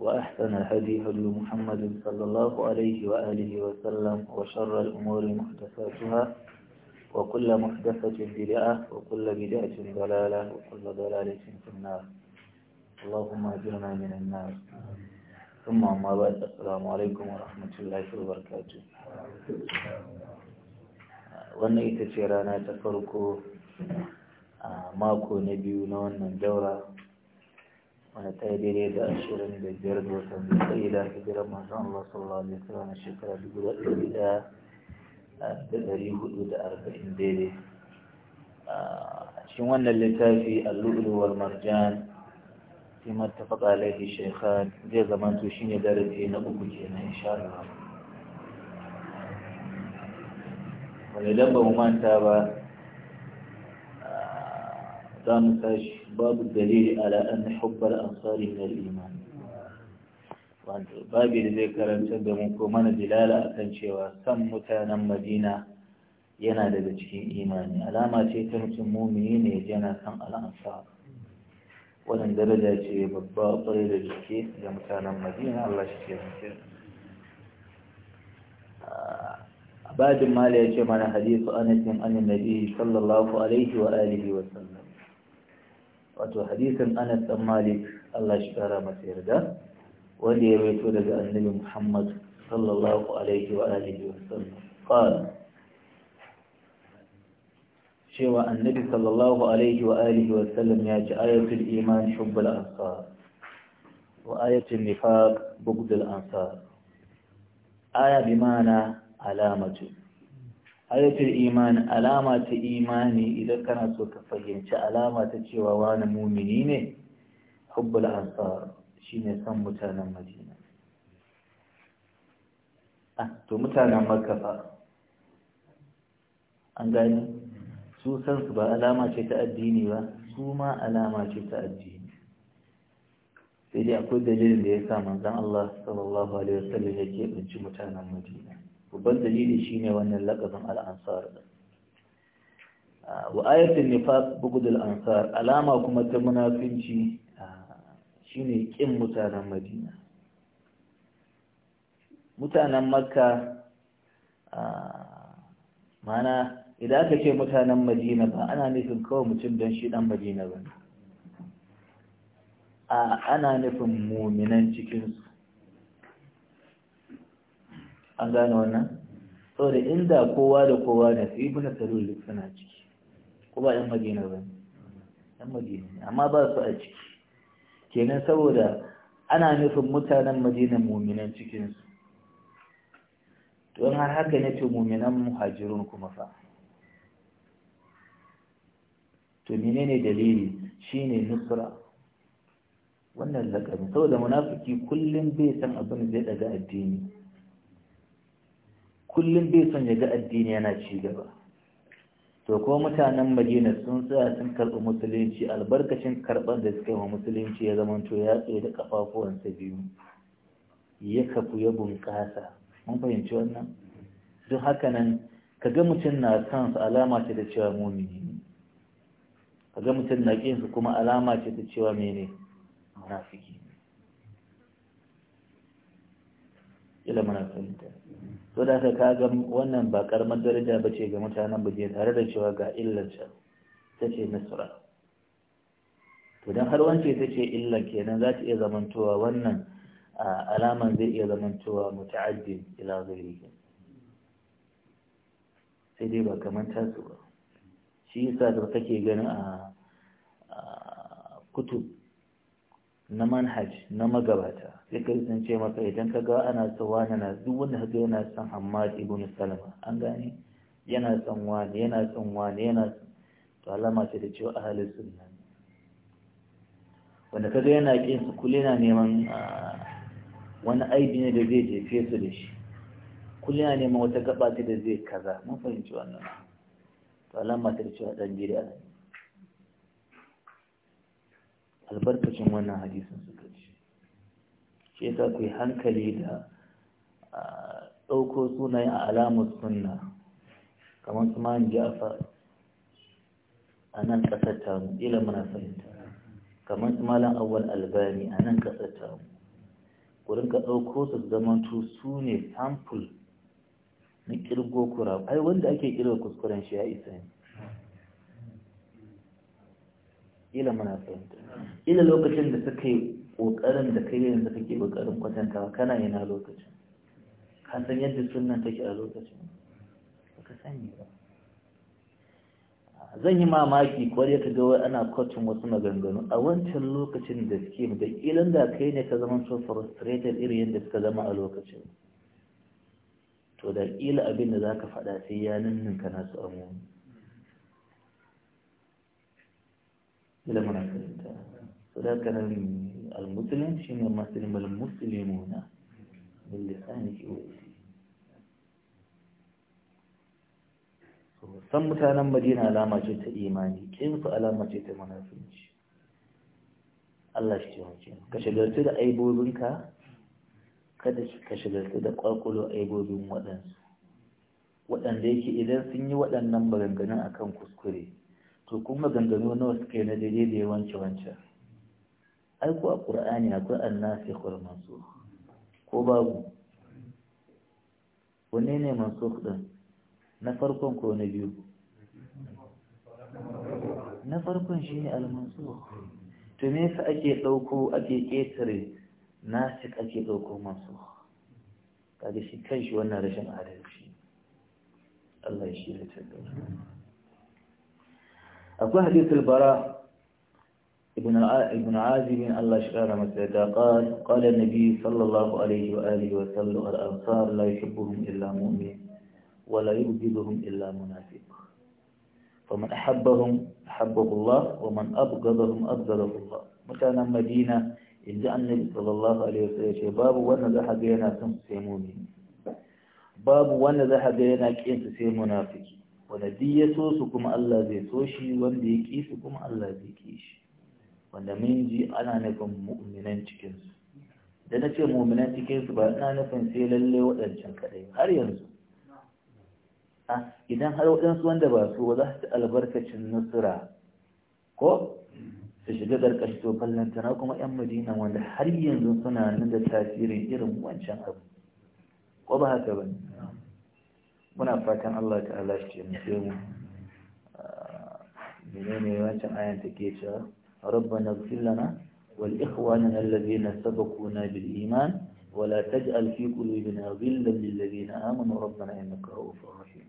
وأحسن الهدي هدي محمد صلى الله عليه وآله وسلم وشر الأمور محدثاتها وكل محدثة بدعة وكل بدعة ضلالة وكل ضلالة في النار اللهم اجرنا من النار ثم أما بعد السلام عليكم ورحمة الله وبركاته wannan ita ce rana ta farko من دورة wanda ta yi daidai da ashirin da biyar da watan zai da hijirar manzon Allah sallallahu alaihi wasallam na shekara dubu da ɗari da da ɗari hudu da arba'in daidai a cikin wannan littafi al-lu'lu wal marjan fi mattafaqa alaihi shaykhan zai zamanto shine darasi na uku kenan insha Allah wanda idan ba mu manta ba za mu tashi باب الدليل على أن حب الأنصار من الإيمان babi da zai karanta da mu ko mana dilala kan cewa san mutanen madina yana daga cikin imani alama ce ta mutum mumini ne yana kan al'ansa wannan daraja ce babba kwarai da da mutanen madina Allah shi ce ya ce mana sallallahu alaihi alihi wa sallam wato hadisin anas dan malik Allah shi kara masa yarda wanda ya rawaito daga annabi Muhammad sallallahu alaihi wa alihi wa sallam qala cewa annabi sallallahu alaihi wa alihi wa sallam ya ji ayatul iman hubbul ansar wa ayatul nifaq bughdul ansar aya bi ma'ana alamatu ayatul imani alama ta imani idan kana so ka fahimci alama ta cewa wani mumini ne hubbul ansar shine san mutanen madina ah to mutanen makka fa an gani su san su ba alama ce ta addini ba su ma alama ce ta addini sai dai akwai dalilin da ya sa manzon Allah sallallahu alaihi wasallam yake binci mutanen madina babban dalili shi ne wannan lakabin al'ansar da wa ayatul nifas da ansar alama kuma ta munafinci ne kin mutanen Madina mutanen Makka mana idan aka ce mutanen Madina ba ana nufin kawai mutum don shi dan Madina ba ana nufin muminan cikinsu an gane wannan saboda inda kowa da kowa da su ibn salul duk suna ciki ko ba yan madina ba yan madina ne amma ba su a ciki kenan saboda ana nufin mutanen madina muminan cikin su don har haka ne ce muminan muhajirun kuma fa to menene dalili shine nusra wannan lakabi saboda munafiki kullum bai san abin zai daga addini kullum bai son ya ga addini yana ci gaba to ko mutanen madina sun tsaya sun karɓi musulunci albarkacin karɓar da suka yi wa musulunci ya zama to ya tsaye da ƙafafuwansa biyu ya kafu ya bunƙasa mun fahimci wannan don haka nan ka ga mutum na kansa alama ce da cewa mumini ne ka ga mutum na ƙinsa kuma alama ce ta cewa mene munafiki ne ila muna fahimta so da ka kaga wannan ba karamar daraja ba ce ga mutanen buje tare da cewa ga illarsa ta ce to don har wance ta ce illar kenan za ta iya zamantowa wannan alaman zai iya zamantowa muta'addi ila ghairihi sai dai ba kamar tasu ba shi yasa da kake ganin a kutub na manhaj na magabata sai ka san maka idan ka ga ana tsawana na duk wanda ka yana son hamad ibn Salama an gane yana son wani yana son wani yana to alama ce da cewa ahlus sunna wanda ka ga yana kin su kullu yana neman ah, wani aibi ne da zai jefe su da shi kullu yana neman wata gaba da zai kaza mun fahimci wannan to alama ce da cewa dan bid'a ne albarkacin wannan hadisin suka ce shi yasa ku hankali da ɗauko sunaye a alamar sunna kamar su ma jafa a nan ƙasar tamu ila muna fahimta kamar su malam awwal albani a nan ƙasar tamu ku ka ɗauko su zaman su ne sample na ƙirgo kura ai wanda ake ƙirga kuskuren shi ya isa ne ila muna fahimta ila lokacin da suka yi ƙoƙarin da kai da kake ƙoƙarin kwatantawa kana na lokacin ka san yadda sunan take a lokacin ba ka sani ba zan yi mamaki kwarai ta ga wai ana kwacin wasu maganganu a wancan lokacin da suke da kilan da kai ne ka zama so frustrated irin yadda suka zama a lokacin to da kila abin da za ka faɗa sai ya ninninka nasu amuni da muna karanta so da haka nan al-muslim shine muslim al-muslimuna bil lisani wa san mutanen madina alama ce ta imani su alama ce ta munafinci Allah shi ce wace ka shagaltu da aibobinka kada ka shagaltu da kwakwalo aibobin waɗansu waɗanda yake idan sun yi waɗannan maganganun akan kuskure to kuma gangano nawa wasu kai na daidai da ya wance wancan ai ko a ƙur'ani akwai annasi kwal su, ko babu wane ne masu din na farkon ko na biyu na farkon shi ne mansukh to me ake ɗauko ake ƙetare nasi ake ɗauko masu kaji shi shi wannan rashin adalci Allah ya shi da tattalin akwai حديث البراء ابن ابن عازب الله شعر مسعدا قال قال النبي صلى الله عليه وآله وسلم الأنصار لا يحبهم إلا مؤمن ولا يبغضهم إلا منافق فمن أحبهم أحبه الله ومن أبغضهم أبغضه الله مكان مدينة إن جاء النبي صلى الله عليه وسلم باب وانا ذهب ينا سمسي مؤمن باب وانا ذهب ينا كين سمسي منافقين wanda duk ya so su kuma Allah zai so shi wanda ya ƙi su kuma Allah zai ƙi shi wanda mun ji ana nufin mu'minan cikinsu da na ce mu'minan cikinsu ba ina nufin sai lalle waɗancan kaɗai har yanzu idan har waɗansu wanda ba su ba za su albarkacin nasara ko su shiga ƙarƙashi to fallantana kuma 'yan madina wanda har yanzu suna nan da tasirin irin wancan abu ko ba haka ba ne muna fatan Allah ta'ala shi taimake mu ah, menene wancan ayan ke cewa rabbana na lana wal ikhwanana alladhina sabaquna bil iman wala ولا تجعل في قلوبنا غلا للذين آمنوا na إنك رؤوف رحيم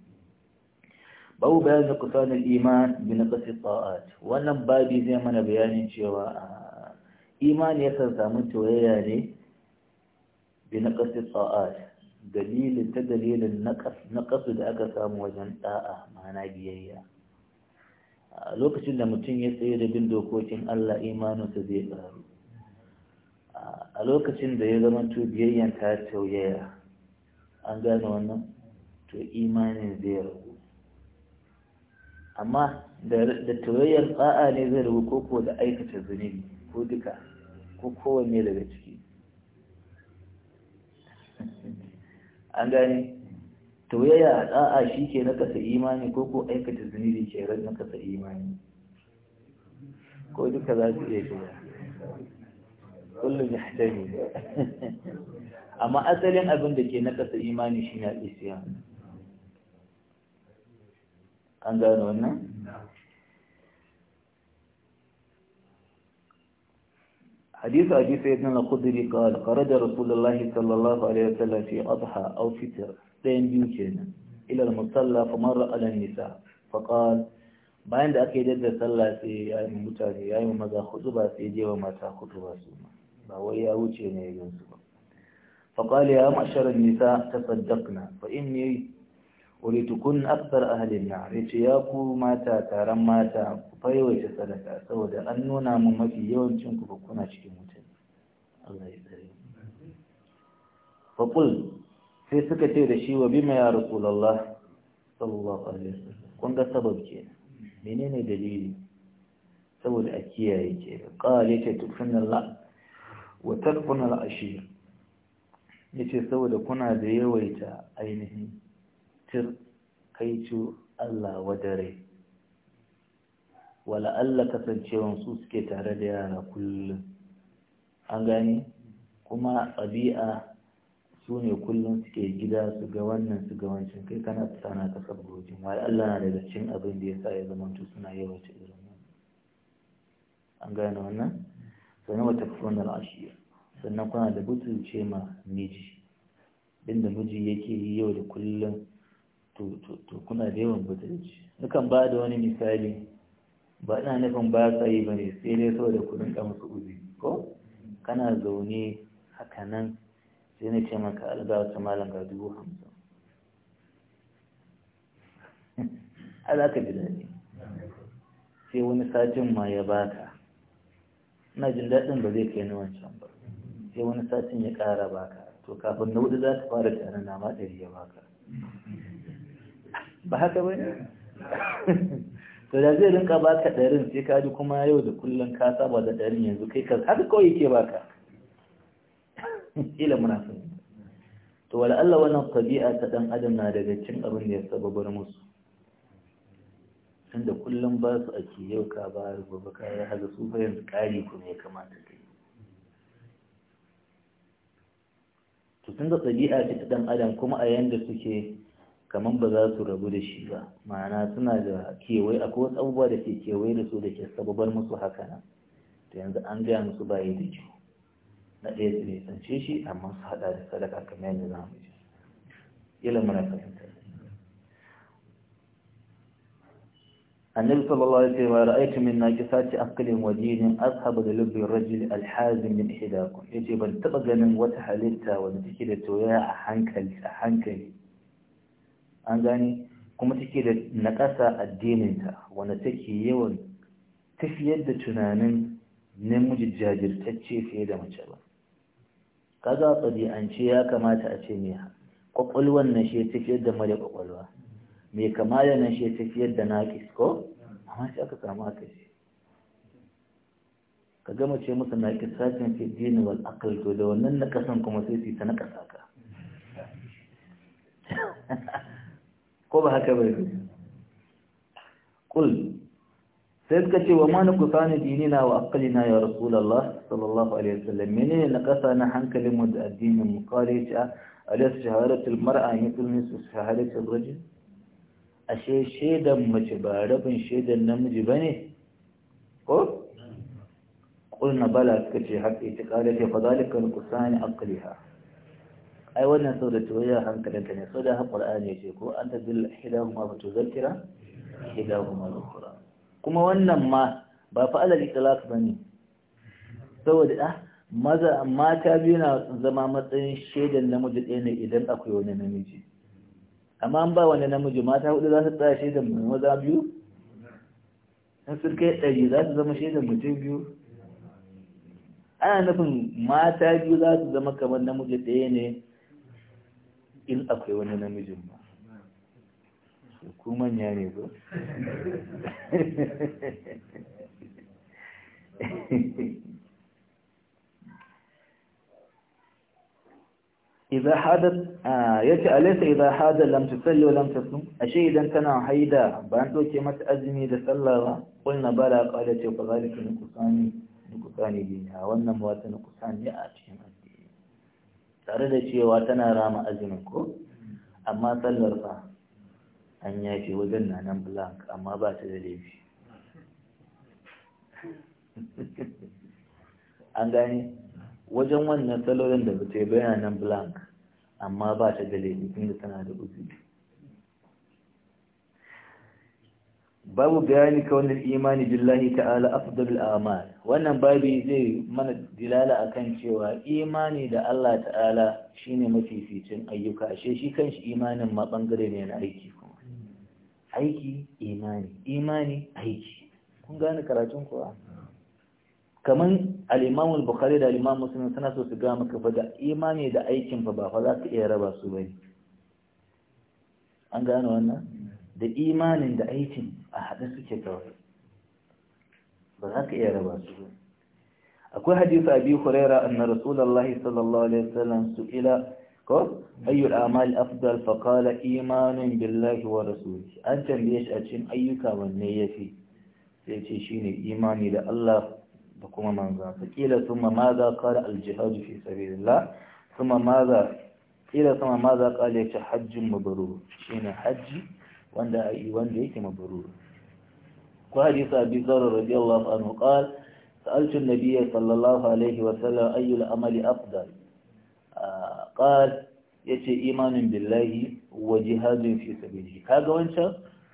babu bayan da kusanin iman bi na kasi ta'at wannan babi zai mana bayanin cewa ya ah, yakan samu tawayya ne bi na kasi ta'at dalilin ta dalilin naƙasu da aka samu wajen ɗa'a mana biyayya a lokacin da mutum ya tsaye da bin dokokin Allah imaninsa zai ƙaru a lokacin da ya zama to biyayya ta tauyaya an gane wannan to imanin zai ragu amma da tauyayyar tsa'a ne zai ragu ko ko da aikata zunubi ko duka ko kowanne daga ciki an gani. to a a'a shi ke na kasa imani ko ko aikata zunubi ke rai na kasa imani ko duka za su iya shiga kullum ya hatari amma asalin abin da ke na kasa imani shi ne a an gano wannan حديث أبي سيدنا الخدري قال خرج رسول الله صلى الله عليه وسلم في أضحى أو فتر بين بيوتنا إلى المصلى فمر على النساء فقال bayan da aka yi dadda sallah sai ya yi mutane ya yi maza khutuba sai je wa mata khutuba su ba wai ya wuce ne ya gansu ba fa qala ya ma'shar nisa tasaddaqna fa inni tukun aksar ahalin na rice ya ku mata taron mata ku faiwace sadaka saboda an nuna mu mafi yawancin ku kuna cikin mutum Allah ya tsare faƙul sai suka ce da shi wa bima ya rasulullah sallallahu alaihi wasallam kun ga sabab mene menene dalili saboda a kiyaye ke qala yace tukunna wa tarquna al-ashir yace saboda kuna da yawaita ainihin tir kai cu Allah wadare wala Allah kasancewan su suke tare da yara kullum an gani kuma ɗabi'a su ne kullum suke gida su ga wannan su ga wancan kai kana tsana ta sabbojin wala Allah na daga cin abin da ya sa ya zama suna yawaita irin wannan an gane wannan sannan wata fufunan ashiya sannan kuna da butulce ma miji inda miji yake yi yau da kullum to to to kuna da yawan mutunci nukan ba da wani misali ba ina nufin ba sa yi ba ne sai dai saboda kudin ka musu uzi ko kana zaune haka nan sai na ce maka alga wata malam ga dubu hamsin a za ka ji daɗi sai wani satin ma ya baka ina jin daɗin ba zai kai ni wancan ba sai wani satin ya ƙara baka to kafin na hudu za ka fara tare na ma ɗari ya baka ba haka ba ne to da zai rinka ba ka ɗarin sai ka ji kuma yau da kullum ka saba da ɗarin yanzu kai ka haka kawai yake ka ila muna sun to wala Allah wannan tabi'a ta ɗan adam na daga cin abin da ya sababar musu tunda kullum ba su ake yau ka ba gobe ka ya haza su fa yanzu ƙari kuma ya kamata yi. to tunda tabi'a ce ta ɗan adam kuma a yanda suke kamar ba za su rabu da shi ba ma'ana suna da kewaye akwai wasu abubuwa da ke kewaye da su da ke sababar musu haka nan to yanzu an gaya musu ba yi da kyau na ɗaya su ne shi amma su haɗa da sadaka kamar yadda za mu ji ilimin fahimta النبي صلى الله عليه وسلم رأيت من ناقصات أقل ودين أصحب للب الرجل الحازم من إحداكم يجب أن تبقى من وتحللتها ونتكلت ويا a hankali. an gani kuma take da naƙasa addininta wanda take yawan tafiyar da tunanin namiji jajirtacce fiye da mace ba kaga ce ya kamata a ce mai kwakwalwan na shi tafiyar da mara kwakwalwa mai kamala na shi tafiyar da naƙis ko amma sai aka samu aka ce ka gama ce musu naƙis satin fi dini wal akal to da wannan naƙasan kuma sai su ta naƙasa ka قل هكذا يقول قل سيد كتي وما نقصان ديننا وأقلنا يا رسول الله صلى الله عليه وسلم من نقصنا حنك لمد الدين المقارئة أليس شهادة المرأة يقول نسو شهادة الرجل أشي شيدا مجبارة بن شيدا نمجبني قل قلنا بلا سكتي حق اعتقالتي فذلك نقصان أقلها ai wannan sau da tuwayyar hankalinka ne sau da haƙur'ani ya ce ko an ta zil hidahu ma fito zarkira hidahu ma lukura kuma wannan ma ba fa alal itlaq ba ne saboda ah maza mata biyu na zama matsayin shaidan namiji ɗaya ne idan akwai wani namiji amma an ba wani namiji mata hudu za su tsaya shaidan maza biyu in sun kai ɗari za su zama shaidan mutum biyu ana nufin mata biyu za su zama kamar namiji ɗaya ne in akwai wani namijin ba ku manya ne zo? idan hadar ya ce alaisa idan lamta lamtisalli wa lamta sun, ashe idan tana haida ba an doke mata azumi da tsallawa kulna bara kawai da ce kwazalika na kusa ne na kusa ne biya wannan mawata na kusa ne a cikin a tare da cewa tana rama azumin ko amma sallar fa an yafe wajen na nan blank amma ba ta da laifi an gani. wajen wannan salorin da ta yi bayan nan blank amma ba ta da laifi da tana da uzu babu bayani kawai imani billahi ta'ala afdalul amal wannan babi zai mana dilala kan cewa imani da Allah ta'ala shi shine mafificin ayyuka ashe shi kanshi imanin ma bangare ne na aiki kuma aiki imani imani aiki kun gane karatun kuwa Kamar Alimamul bukhari da Alimamul imam suna so su gama kafa da imani da aikin fa ba fa za ka iya raba su bai an gane wannan da imanin da aikin a haɗe suke kawai بلاك إيه رواسه أكو حديث أبي خريرة أن رسول الله صلى الله عليه وسلم سئل أي الأعمال أفضل فقال إيمان بالله ورسوله أنت ليش أتشم أيك والنية في سيتشين إيمان إلى الله بكم من ذا فقيل ثم ماذا قال الجهاد في سبيل الله ثم ماذا قيل ثم ماذا قال يتحج مبرور شين حج وان دا أي وان دا يتي مبرور وحديث أبي ذر رضي الله عنه قال سألت النبي صلى الله عليه وسلم أي العمل أفضل آه قال يتي إيمان بالله وجهاد في سبيله كذا وانت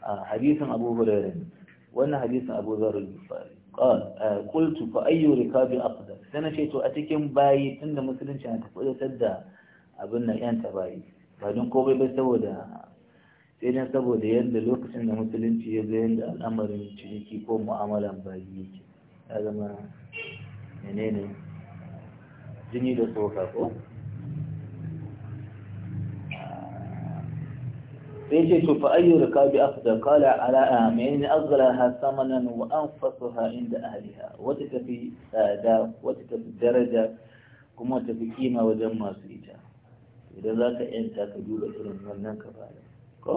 آه حديث أبو هريرة وانا حديث أبو ذر الغفاري قال آه قلت فأي ركاب أفضل سنة شيء تؤتكم باي تند مسلم شان تفؤل سد أبنى أنت باي بعدين كوبي بسودا sai dan saboda yadda lokacin da musulunci ya ga yadda al'amarin ciniki ko mu'amalan bayi yake ya zama ne jini da tsoka ko sai ce to fa ayyu rikabi afda qala ala amin azlaha samanan wa ha inda ahliha wata tafi tsada wata tafi daraja kuma tafi kima wajen masu ita idan zaka yanta ka duba irin wannan kafalar ko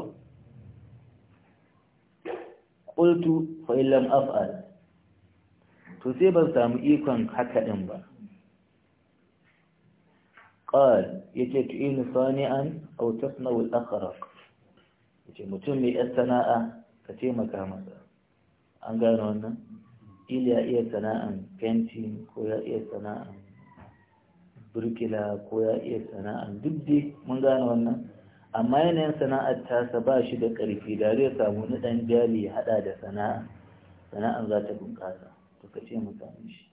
qultu fa illam af'al to sai ban samu ikon haka din ba qal yake tu in sani'an aw tasna al akhraq yace mutum mai yar sana'a ka ce maka masa an gane wannan ila iya sana'an fenti ko ya iya sana'an burkila ko ya iya sana'an duk dai mun gane wannan amma yanayin sana'ar tasa ba shi da ƙarfi da zai samu na ɗan jali ya haɗa da sana'a sana'ar za ta bunƙasa to ka ce samu shi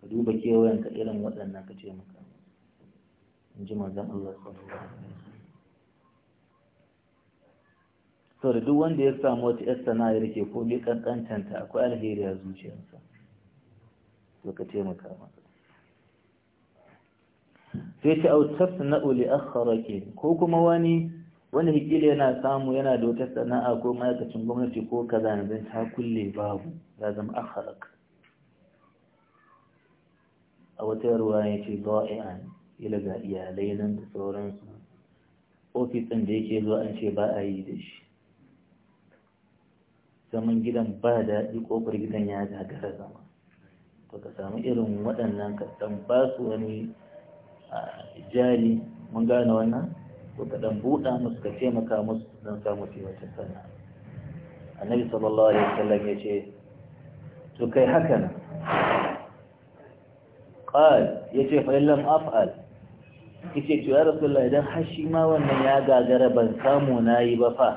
ka duba kewayen ka irin waɗannan ka ce mu samu in ji manzon Allah sallallahu alaihi to da duk wanda ya samu wata yar sana'a da ko komai kankantanta akwai alheri a zuciyarsa to ka mu kama. sai ce na uli akhara ke ko kuma wani wanda ƙila yana samu yana da wata sana'a ko ma'aikacin gwamnati ko kaza ne zan ta kulle babu ya zama akharak a wata ruwa ya ce 'Yan ila ga iyalai nan da sauransu ofis ɗin da yake zuwa an ce ba a yi da shi zaman gidan ba daɗi kofar gidan ya gagara zama to ka samu irin waɗannan kasan ba su wani jari mun gane wannan ko ka dan musu ka taimaka musu don samu su wata sana'a annabi sallallahu alaihi wasallam ya ce to kai hakan qal ya ce fa illam af'al yace to ya rasulullahi idan har shi ma wannan ya gagara ban samu nayi ba fa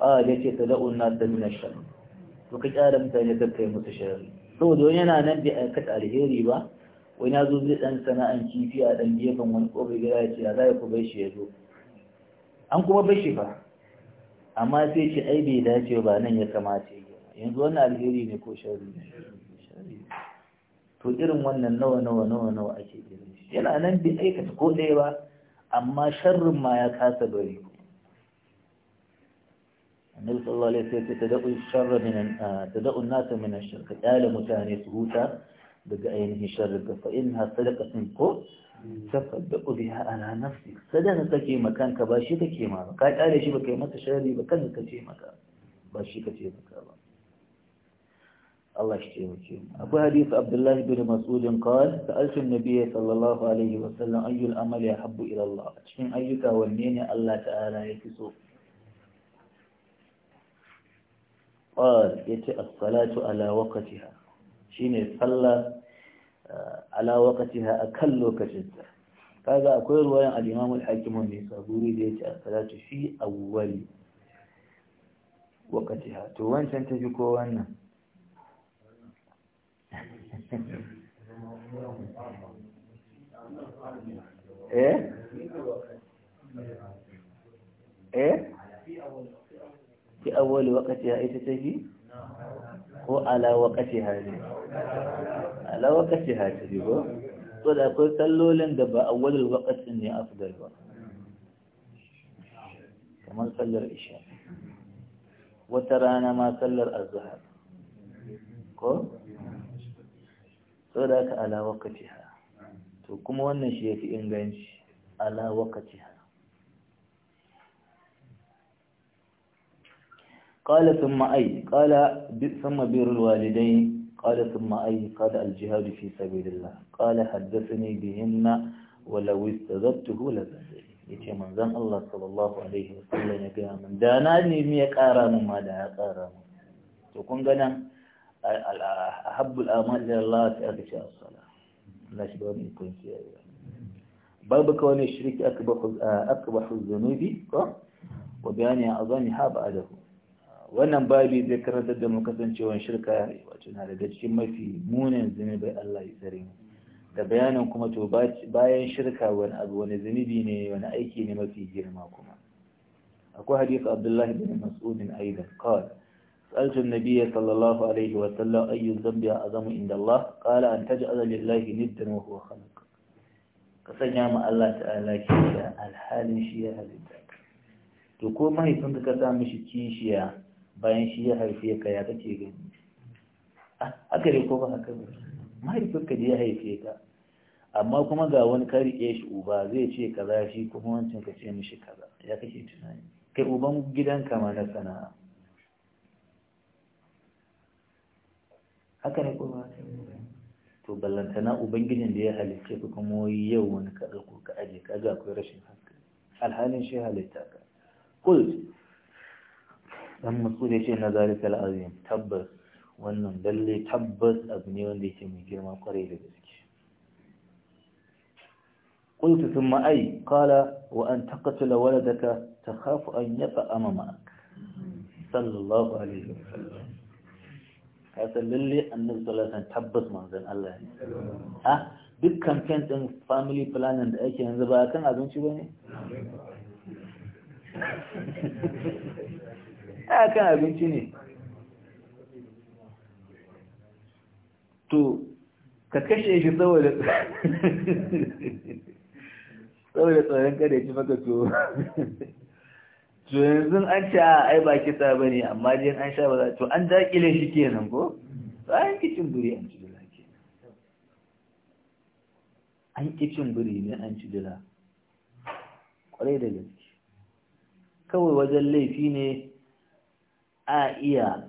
qal ya ce tada'u an-nas min ash-sharr to ka kyara mutane da kai musu sharri saboda yana nan bai aikata alheri ba wani ya zo zai ɗan sana'an kifi a ɗan gefen wani ƙofar gida ya ce a za ku bai shi ya zo an kuma bai shi ba amma sai ce ai bai dace ba nan ya kamata ya yanzu wannan alheri ne ko shari ne to irin wannan nawa nawa nawa nawa ake irin shi yana nan bai aikata ko ɗaya ba amma sharrin ma ya kasa bari annabi sallallahu alaihi wasallam ya ce tada'u sharra min tada'u an-nasa min ash-shirk mutane su huta بجأينه شرق فإنها صدقة قو تفضأ بها على نفسك صدقة كيما مكان كباشيك كيما قال آلي شبا كيما تشاري بكذا كيما كان باشيك كيما كان الله يشتري كيما أبو حديث عبد الله بن مسعود قال سألت النبي صلى الله عليه وسلم أي الأمل يحب إلى الله أشمن أيك والنين الله تعالى يكسو قال يتأ الصلاة على وقتها shine sallah eh, ala waqtiha a lokacin ta kaga akwai ruwayan al hakimun ne saburi da ya ce a salatu fi awwali waqtiha to wancan ta fi ko wannan eh eh fi awwali waqtiha ita ta fi ko alawa kashe hajji alawa kashe hajji ba so da akwai sallolin da ba a wadar wakacin ne afdal ba kamar sallar isha wata rana ma sallar azhar ko so da aka alawa ha to kuma wannan shi ya fi inganci alawa kashe قال ثم أي قال ثم بير الوالدين قال ثم أي قال الجهاد في سبيل الله قال حدثني بهن ولو استذبته لبذل يتي من ذن الله صلى الله عليه وسلم يقول من داناني ميك آرام ما دعا آرام تقول قنا أحب الآمال لله في شاء الصلاة لا شباب يكون شيئا باب كون الشريك أكبر حزنوبي وبياني أظن حاب أدهم wannan babi zai karantar da mu kasancewar shirka wato na daga cikin mafi munin zunubai Allah ya da bayanin kuma to bayan shirka wani abu wani zunubi ne wani aiki ne mafi girma kuma akwai hadisi Abdullah bin Mas'ud aidan qala سألت النبي صلى الله عليه وسلم أي الذنب أعظم عند الله قال أن تجعل لله ندا وهو خلق كسنيا ما الله تعالى alhalin shi ya halitta. to ko mahaifinka ka sa mishi kishiya bayan shi ya haife ka ya kake gani ah, a kare ko ba haka ba mahaifinka ne ya haife ka amma kuma ga wani kari riƙe shi uba zai ce kaza shi kuma wancan ka ce mishi kaza ya kake tunani kai uban gidanka ma na sana'a haka ne ko ba to ballantana ubangijin da ya halitta ka kuma yau wani ka ko ka aje ka ga akwai rashin hankali alhalin shi halitta ka kul dan musu da ce na zalikal azim tabbas wannan dalle tabbas abu ne wanda yake mai girma kwarai da gaske kuntu thumma ay kala wa an taqtula waladaka takhafu an yata'ama amama. sallallahu alaihi wasallam kasan lalle annabi sallallahu alaihi tabbas manzan Allah ne ha duk campaign din family planning da ake yanzu ba kan abinci ne? a kan abinci ne to ka kashe shi saboda saboda tsoron kada ci maka to to yanzu an ce a ai ba kisa ba ne amma dai an sha ba za to an dakile shi ke nan ko an kicin buri an ci dila ke an kicin buri ne an ci dila kwarai da gaske kawai wajen laifi ne a iya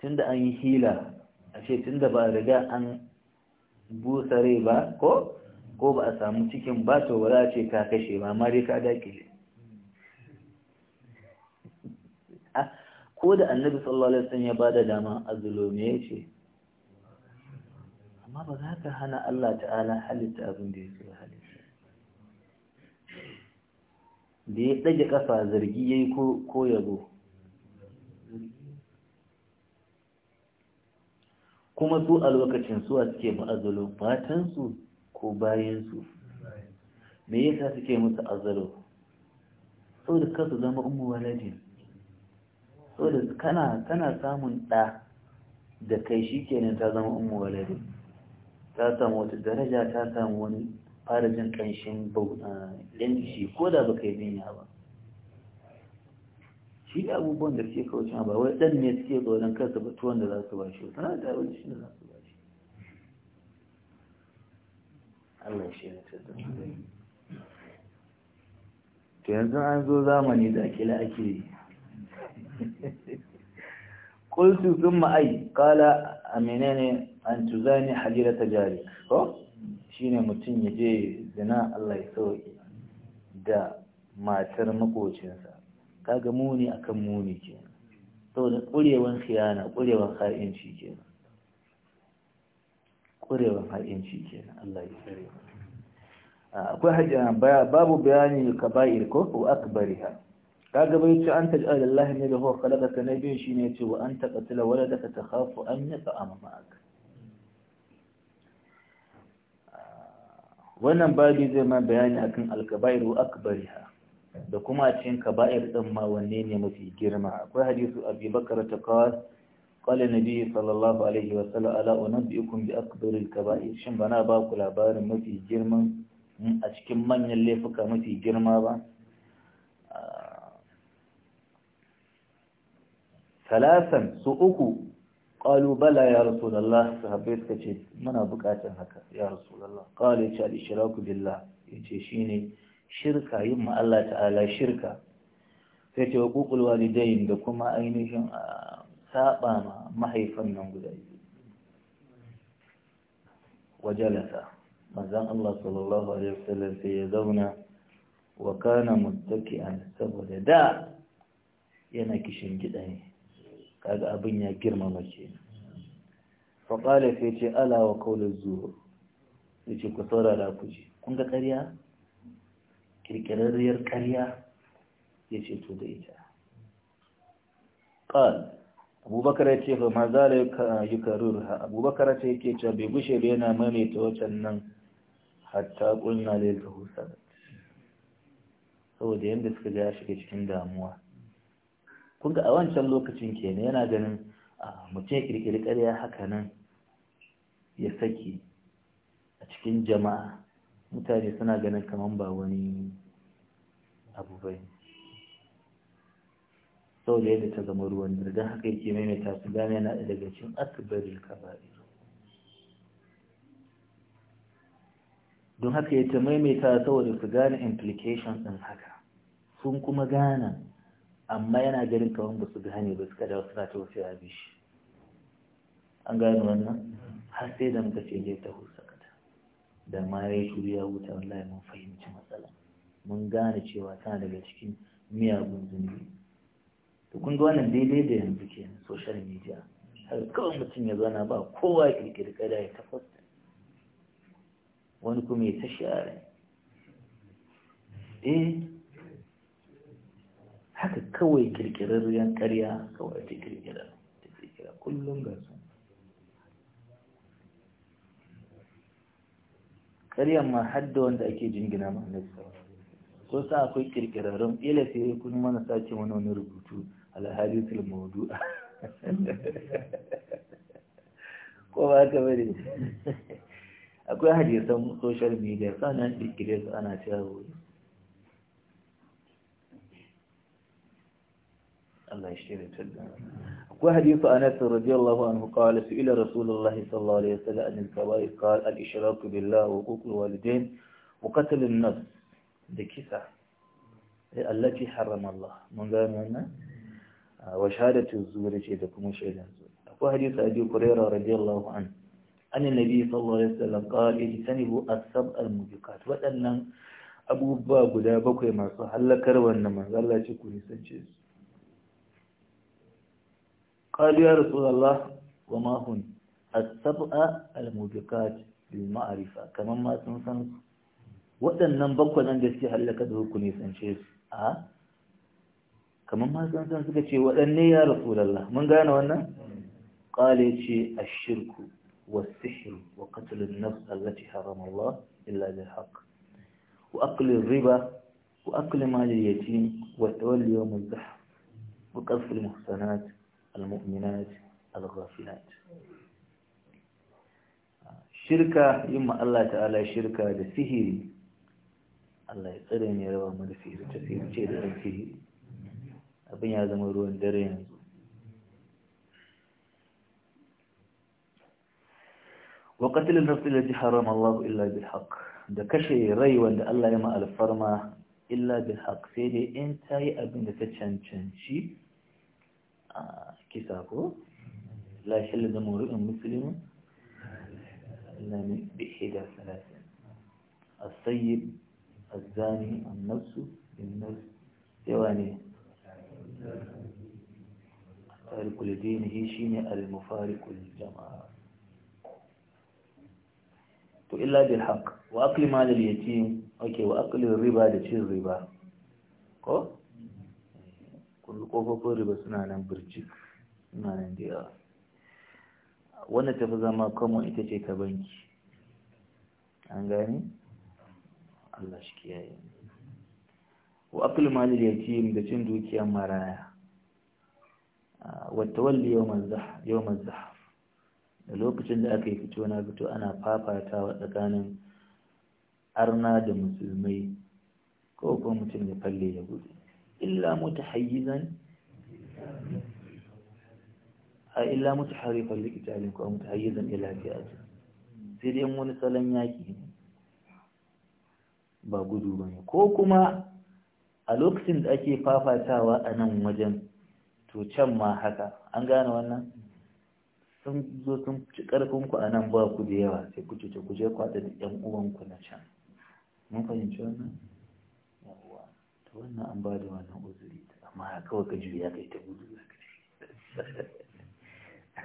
tunda an yi hila ashe tunda ba riga an busare ba ko ko ba a samu cikin ba to ba za a ce ka kashe ba amma dai ka dakile ko da annabi sallallahu alaihi wasallam ya bada dama azulume ce. amma ba za ka hana Allah ta'ala halitta abin da yake halitta da ya dage kafa zargi yayi ko ko yabo kuma su a lokacin su a suke ma'azalo matansu ko bayansu me yasa suke musu azalo saboda kasu zama umu walajin saboda kana kana samun ɗa da kai shi kenan ta zama umu walaji ta samu wata daraja ta samu wani farajin jin ƙanshin yanci ko da baka yi zinya ba shi da abubuwan da suke kawo ba wai dan ne suke tsoron kansa ba tuwon da za su ba shi sana da abin shi da za su ba shi Allah shi ne tattalin to yanzu an zo zamani da kila ake yi kultu sun ma'ai kala a menene an tuzani hajjira ta jari ko shi ne mutum ya je zina Allah ya sauki da matar makocinsa kaga muni akan muni kenan da ƙurewan khiyana ƙurewan kha'inci ke ƙurewan kha'inci ke Allah ya tsare ah, akwai hajjana ah, babu bayani kaba'ir ko ko akbariha kaga bai ce an taj'ala lillahi ne da huwa khalaqaka bin shine ce wa anta qatala waladaka takhafu an yata'ama ma'aka ah, wannan babu zai ma bayani akan alkaba'ir wa akbariha da kuma cikin kaba'ir din ma wanne ne mafi girma akwai hadisu abi bakar ta kawar kwale nabi sallallahu alaihi wa sallam ala unabbiukum bi akbaril kaba'ir shin bana ba ku labarin mafi girman mm, a cikin manyan laifuka mafi girma ba salasan su uku qalu bala ya rasulullah sahabbai suka ce muna bukatun haka ya rasulullah qala ya ce al-ishraku billah yace shine shirka yin ma Allah ta'ala shirka sai ce hukukul walidain da kuma ainihin saba ma mahaifan nan guda biyu wajalasa mazan Allah sallallahu alaihi wasallam sai ya zauna wa kana muttaki'an saboda da yana kishin gida ne kaga abin ya girmama mace fa sai ce ala wa zuwa, zuhur yace ku saurara ku ji kun ga ƙarya kirkirarriyar ƙarya ya ceto da ita ƙal abubakar ya ce ma za da yi karurha abubakar ce yake cewa bai gushe ba yana maimaita wacan nan hatta ƙulna da yadda husarat saboda yadda suka ga shiga cikin damuwa kun ga a wancan lokacin kenan yana ganin mutum ya kirkiri ƙarya haka nan ya saki a cikin jama'a mutane suna ganin kamar ba wani abu bai sau da yadda ta zama ruwan dare don haka yake maimaita su gane na daga cin asibirin kabari don haka ya maimaita saboda su gane implications ɗin haka sun kuma gane amma yana ganin kawon ba su gane ba su kada suna ta wasu ya shi an gane wannan har sai da muka ce zai ta husa kata da ma ya yi shuri ya wuta wallahi mun fahimci matsalan mun gane cewa tana daga cikin miyagun zunubi to kun ga wannan daidai da yanzu ke social media har kawai mutum ya zana ba kowa ya kirkiri kada ya tafas wani kuma ya ta share eh haka kawai kirkirarriyar karya kawai ta kirkira ta kirkira kullum ga su karyan ma hadda wanda ake jingina ma na sallallahu kun sa akwai kirkirarren ila sai kun mana sace wani wani rubutu alhadisul mawdu'a ko ba ka bari akwai hadisan social media sanan kirkire su ana cewa الله يشتري أقوى حديث أنس رضي الله عنه قال سئل رسول الله صلى الله al وسلم عن الكبائر قال الإشراك بالله وحقوق الوالدين وقتل النفس da kisa allaci haram Allah mun gano wannan ah, wa shahadatu zuri ce da kuma shaidan zuri akwai hadisi abi kurera radiyallahu an an nabi sallallahu alaihi wasallam qala ijtanibu as-sab al-mubiqat wadannan abubuwa guda bakwai masu halakar wannan manzo Allah ce ku nisance su qalu ya rasulullah wa ma hun as al-mubiqat bil ma'rifa kaman ma sun san su waɗannan bakwanan da suke hallaka da hukuni san ce su a kamar masu san suka ce waɗanne ya rasulallah mun gane wannan ƙale ce a shirku wa sihir wa katilin nafs allati haram Allah illa bil haqq wa akli riba wa akli mal al yatim wa tawalli yawm al zahr wa qasf al muhsanat al mu'minat al ghafilat shirka yin ma Allah ta'ala shirka da sihiri Allah ya tsare ne raba mu da firce firce da ɗan sihiri abin ya zama ruwan dare yanzu wa qatlil nafs allati harama Allah illa bil haqq da kashe rai wanda Allah ya ma alfarma illa bil haqq sai dai in tayi abin da ta cancanci a kisa ko la shalla da murin muslimin illa bi hida الزاني النفس بالنفس yawa ne لدين dinihi shine al-mufarikul jama'a to illa bil haqq wa akli mal al-yatim okay wa akli riba da cin riba ko kullu suna nan suna nan wannan tafi zama common ita ce ta banki an gani Allah shi kiyaye wa aklu malil yatim da cin dukiyar maraya wa tawalli yawmal zah yawmal zahf da lokacin da aka yi fito na fito ana fafatawa tsakanin arna da musulmai ko kuma mutum ya falle ya gudu illa mutahayyizan a illa mutaharifan likitalin ko mutahayyizan ila fi'ati sai dai wani salon yaki ne ba gudu ba ne ko kuma a lokacin da ake fafatawa a nan wajen to can ma haka an gane wannan sun zo sun ci ƙarfinku a nan ba ku da yawa sai ku ce ku je kwata da ƴan uwanku na can mun fahimci wannan yawa to wannan an ba da wannan uzuri amma kawai ka juya kai ta gudu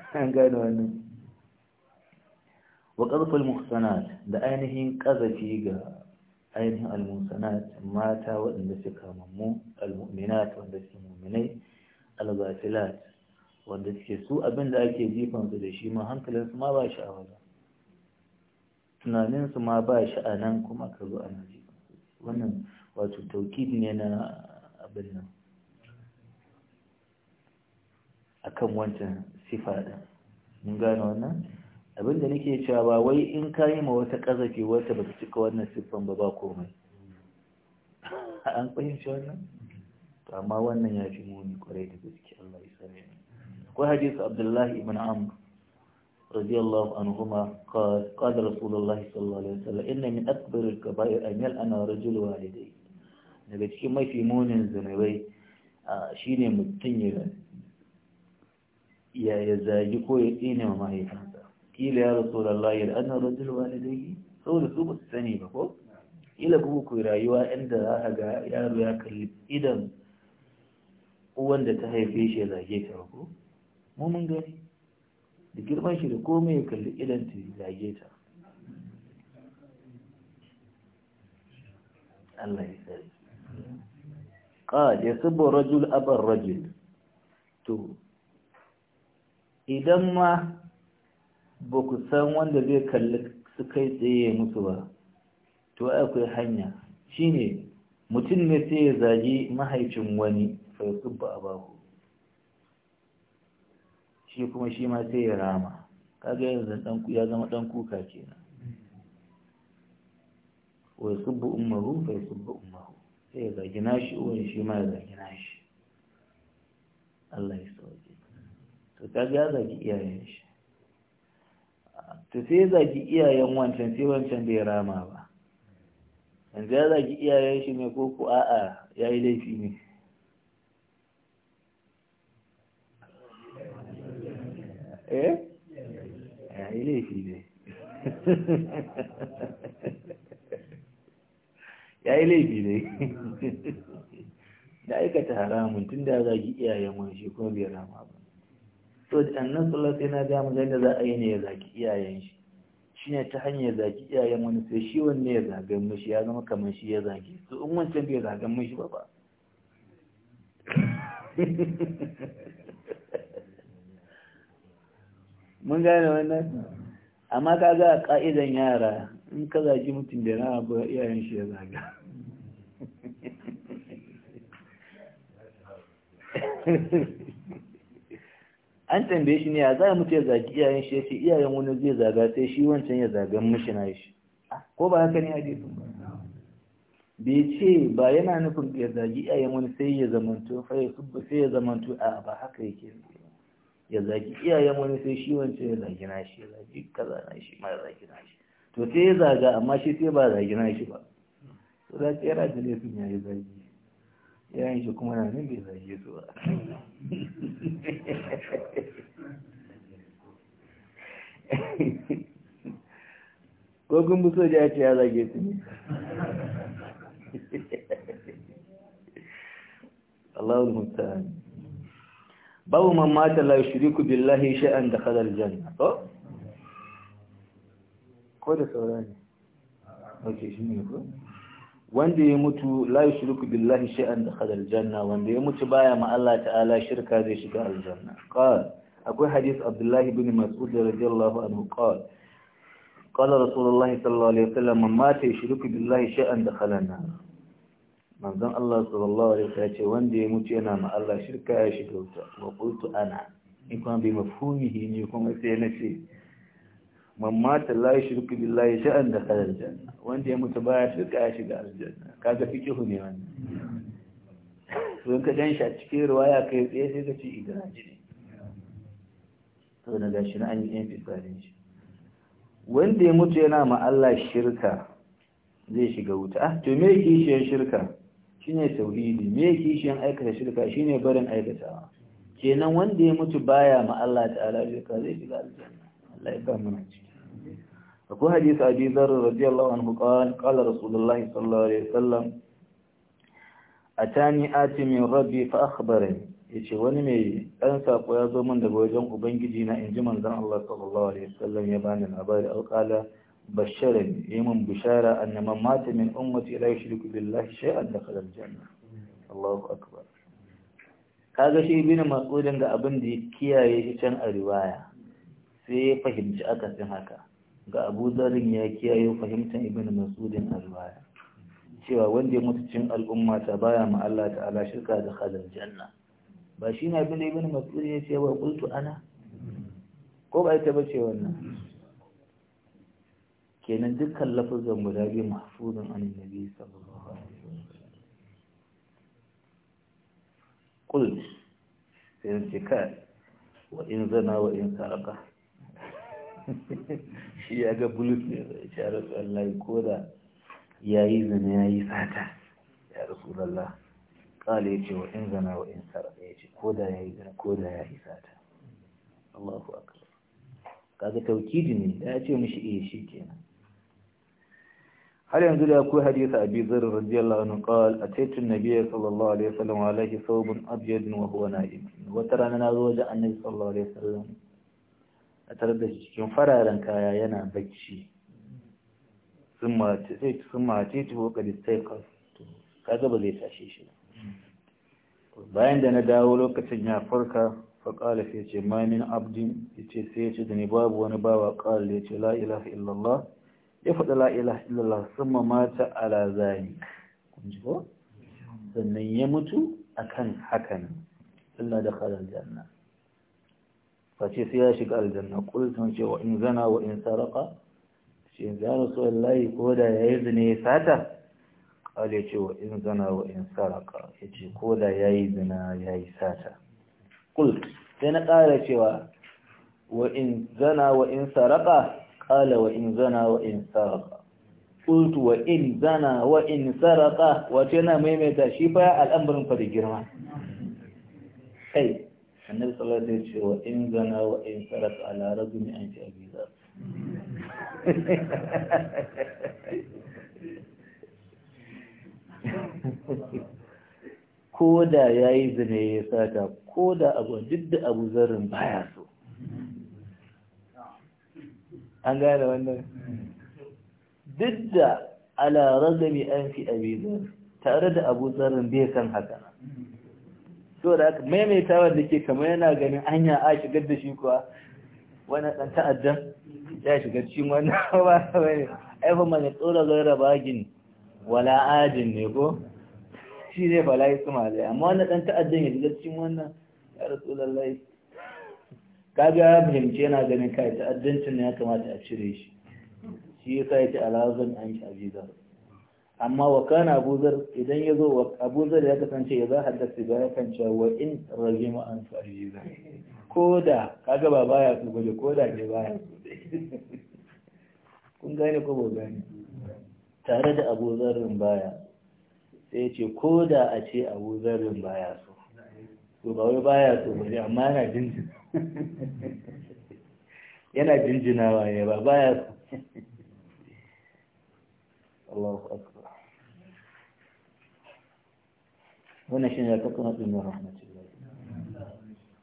an gane wannan wa ƙarfin muhsanat da ainihin ƙazafi ga ainihin almusanat mata waɗanda suka kamammu almu'minat wanda suke mu'minai al'basilat, wanda suke su abin da ake jifansu da shi ma hankalinsu ma ba shi a wajen tunaninsu ma ba shi a nan kuma ka zo ana jifansu wannan wato taukid ne na abin nan akan wancan sifa ɗin mun gane wannan abinda nake cewa ba wai in ka yi ma wata ƙazafi wata ba cika wannan siffan ba ba komai an fahimci wannan amma wannan ya fi muni kwarai da gaske Allah ya sani akwai hadisi Abdullahi ibn Amr radiyallahu anhuma qala Rasulullah sallallahu alaihi wasallam inna min akbar al-kaba'ir an yal'ana rajul walidai daga cikin mafi munin zunubai shine mutum ya ya zagi ko ya tsine ma mahaifa kila ya rasulullahi an rajul walidayhi saboda su ba su sani ba ko kila kuma ku rayuwa inda za ka ga yaro ya kalli idan uwan da ta haife shi ya zage ta ko mu mun gani da girman shi da komai ya kalli idan ta zage ta Allah ya tsare qad yasubbu rajul abar rajul to idan ma ba ku san wanda zai kalli su kai tsaye musu ba to akwai hanya shine mutum ne sai ya zagi mahaifin wani fayyukubba a baku shi kuma shi ma sai ya rama kaga yanzu ya zama dan kuka kenan wa yasubbu ummuhu fa yasubbu ummuhu sai ya zagi nashi uwan shi ma ya zagi nashi Allah ya sauke to kaga ya zagi iyayen shi to sai ya zagi iyayen wancan sai wancan bai rama ba yanzu ya zagi iyayen shi ne ko ku a'a ya yi laifi ne eh ya yi laifi ne ya yi laifi ne da aikata haramun tun da zagi iyayen wani shi kuma bai rama ba so da annan sallallahu alaihi wasallam ya ga magana za a yi ne ya zaki iyayen shi shine ta hanyar zaki iyayen wani sai shi wanne ya zagan mishi ya zama kamar shi ya zaki su in wancan bai zagan mishi ba ba mun gane wannan amma ka ga ka'idan yara in ka zaki mutum da na abu iyayen shi ya zaga Hehehehe an tambaye shi ne ya za mutu ya zagi iyayen shi ya ce iyayen wani zai zaga sai shi wancan ya zagan mashi na shi ah, ko ba haka ne hadisin ba bai ce ba yana nufin ya zagi iyayen wani sai ya zamanto fai subba sai ya zamanto a ba haka yake ya zagi iyayen wani sai shi wancan ya zagi na shi ya zagi kaza na shi ma ya zagi na shi to sai ya zaga amma shi sai ba zagi na shi ba to za ka yi laifin ya yi zagi yayin shi kuma na nan bai zage su ba ko kun bi soja ya ce ya zage su ne Allahul Musta'an babu mamata mata la yushriku billahi sha'an da al-janna to ko da saurani okay shi ne ko wanda ya mutu la yushriku billahi shay'an dakhala janna wanda ya mutu baya ma Allah ta'ala shirka zai shiga aljanna qal akwai hadith Abdullah ibn Mas'ud radiyallahu anhu qal qala Rasulullah sallallahu alaihi wasallam man mata yushriku billahi shay'an da an-nar manzon Allah sallallahu alaihi wasallam ce wanda ya mutu yana ma Allah shirka ya shiga wuta wa qultu ana in kuma bi mafhumihi ne kuma sai na ce man mata la yushriku billahi sha'an da kalal janna wanda ya mutu baya shirka ya shiga aljanna kaga kihu ne wannan sun ka gan a cikin ruwaya kai tsaye sai ka ci idraji ne to na gashi na an yi yan fitsarin shi wanda ya mutu yana ma Allah shirka zai shiga wuta ah to me shi shirka shine tauhidi me kishiyar aikata shirka shine barin aikatawa kenan wanda ya mutu baya ma Allah ta'ala shirka zai shiga aljanna Allah ya kama ci akwai hadisi abi zar radiyallahu anhu qala qala rasulullahi sallallahu alaihi wasallam atani ati min rabbi fa wani mai ɗan sako ya zo min daga wajen ubangiji na inji manzon Allah sallallahu alaihi wasallam ya bani labari au qala basharani yamin bishara annama mata min ummati la yushriku billahi shay'an dakhala aljanna Allahu akbar kaga shi bin mas'udin da abin da ya kiyaye shi can a riwaya sai ya fahimci akasin haka ga abu zarin ya kiyaye fahimtar ibn masudin albaya cewa wanda ya mutu cin al'umma ta baya ma Allah ta'ala shirka da halin janna ba shi na bin ibn masudin ya ce ba ana ko ba ita bace wannan kenan dukkan lafazan guda biyu mahfuzun an nabi sallallahu alaihi wasallam qul sai ce ka wa in zana wa in sarqa shi ya ga bulus ne ya rasu Allah ko da ya yi zina ya yi sata ya rasu Allah ƙala ya ce wa in zana wa in sarrafa ya ce ko da ya yi zina ko da ya yi sata Allahu akbar kaga taukidi ne da ya ce mishi iya eh, shi kenan هل ينزل أكو حديث أبي ذر رضي الله عنه قال أتيت النبي صلى الله عليه وسلم وعليه a tare da shi cikin fararen kaya yana bacci sun mace ta da sai kaga ba zai tashe shi bayan da na dawo lokacin ya farka faƙala sai ce mamin abdin ya ce sai ya ce da ni babu wani bawa ƙala ya ce la'ilaha illallah ya faɗi la'ilaha illallah sun mamata alazani, sannan ya mutu a kan hakan Allah da khalar janna face sai ya shiga aljanna kulsun cewa in zana wa in saraka ce ya rasulullahi ko da yayi zina ya sata ce, "Wa in zana wa in saraka yace ko da yayi zina yayi sata kul sai na ƙara cewa wa in zana wa in saraka qala wa in zana wa in saraka qultu wa in zana wa in saraka wace na maimaita shi fa al'amarin fa da girma kai annabi sallallahu alaihi wasallam ya ce wa in zana wa in saraka ala rajuli an fi abi zar ko da ya yi zane ya sata ko da abu duk da abu zarin baya so an gane wannan duk da ala ragami an fi abu tare da abu zarin bai kan haka to da aka maimaita wanda ke kamar yana ganin anya a shigar da shi kuwa wani ɗan ta'addan ya shiga cikin wannan ba ne aifa mana tsoron zaura bagin wala adin ne ko shi ne fala yi kuma zai amma wani ɗan ta'addan ya shiga cikin wannan ya rasu lallai kaga ya fahimci yana ganin kai ta'addancin ne ya kamata a cire shi shi ya sa ya alazan an shi jizar amma wa kana abuzar idan ya zo abuzar ya kasance ya za haddasa ba ya kan cewa wa in rage ma an fa'ajiza ko da kaga ba baya su gwaje ko da ne baya kun gane ko ba gane tare da abuzarin baya sai ya ce ko da a ce abuzarin baya so to ba wai baya so ba ne amma yana jinjina yana jinjinawa ne ba baya so Allahu akbar wannan shi ne da kakkan hatsin min rahmatullahi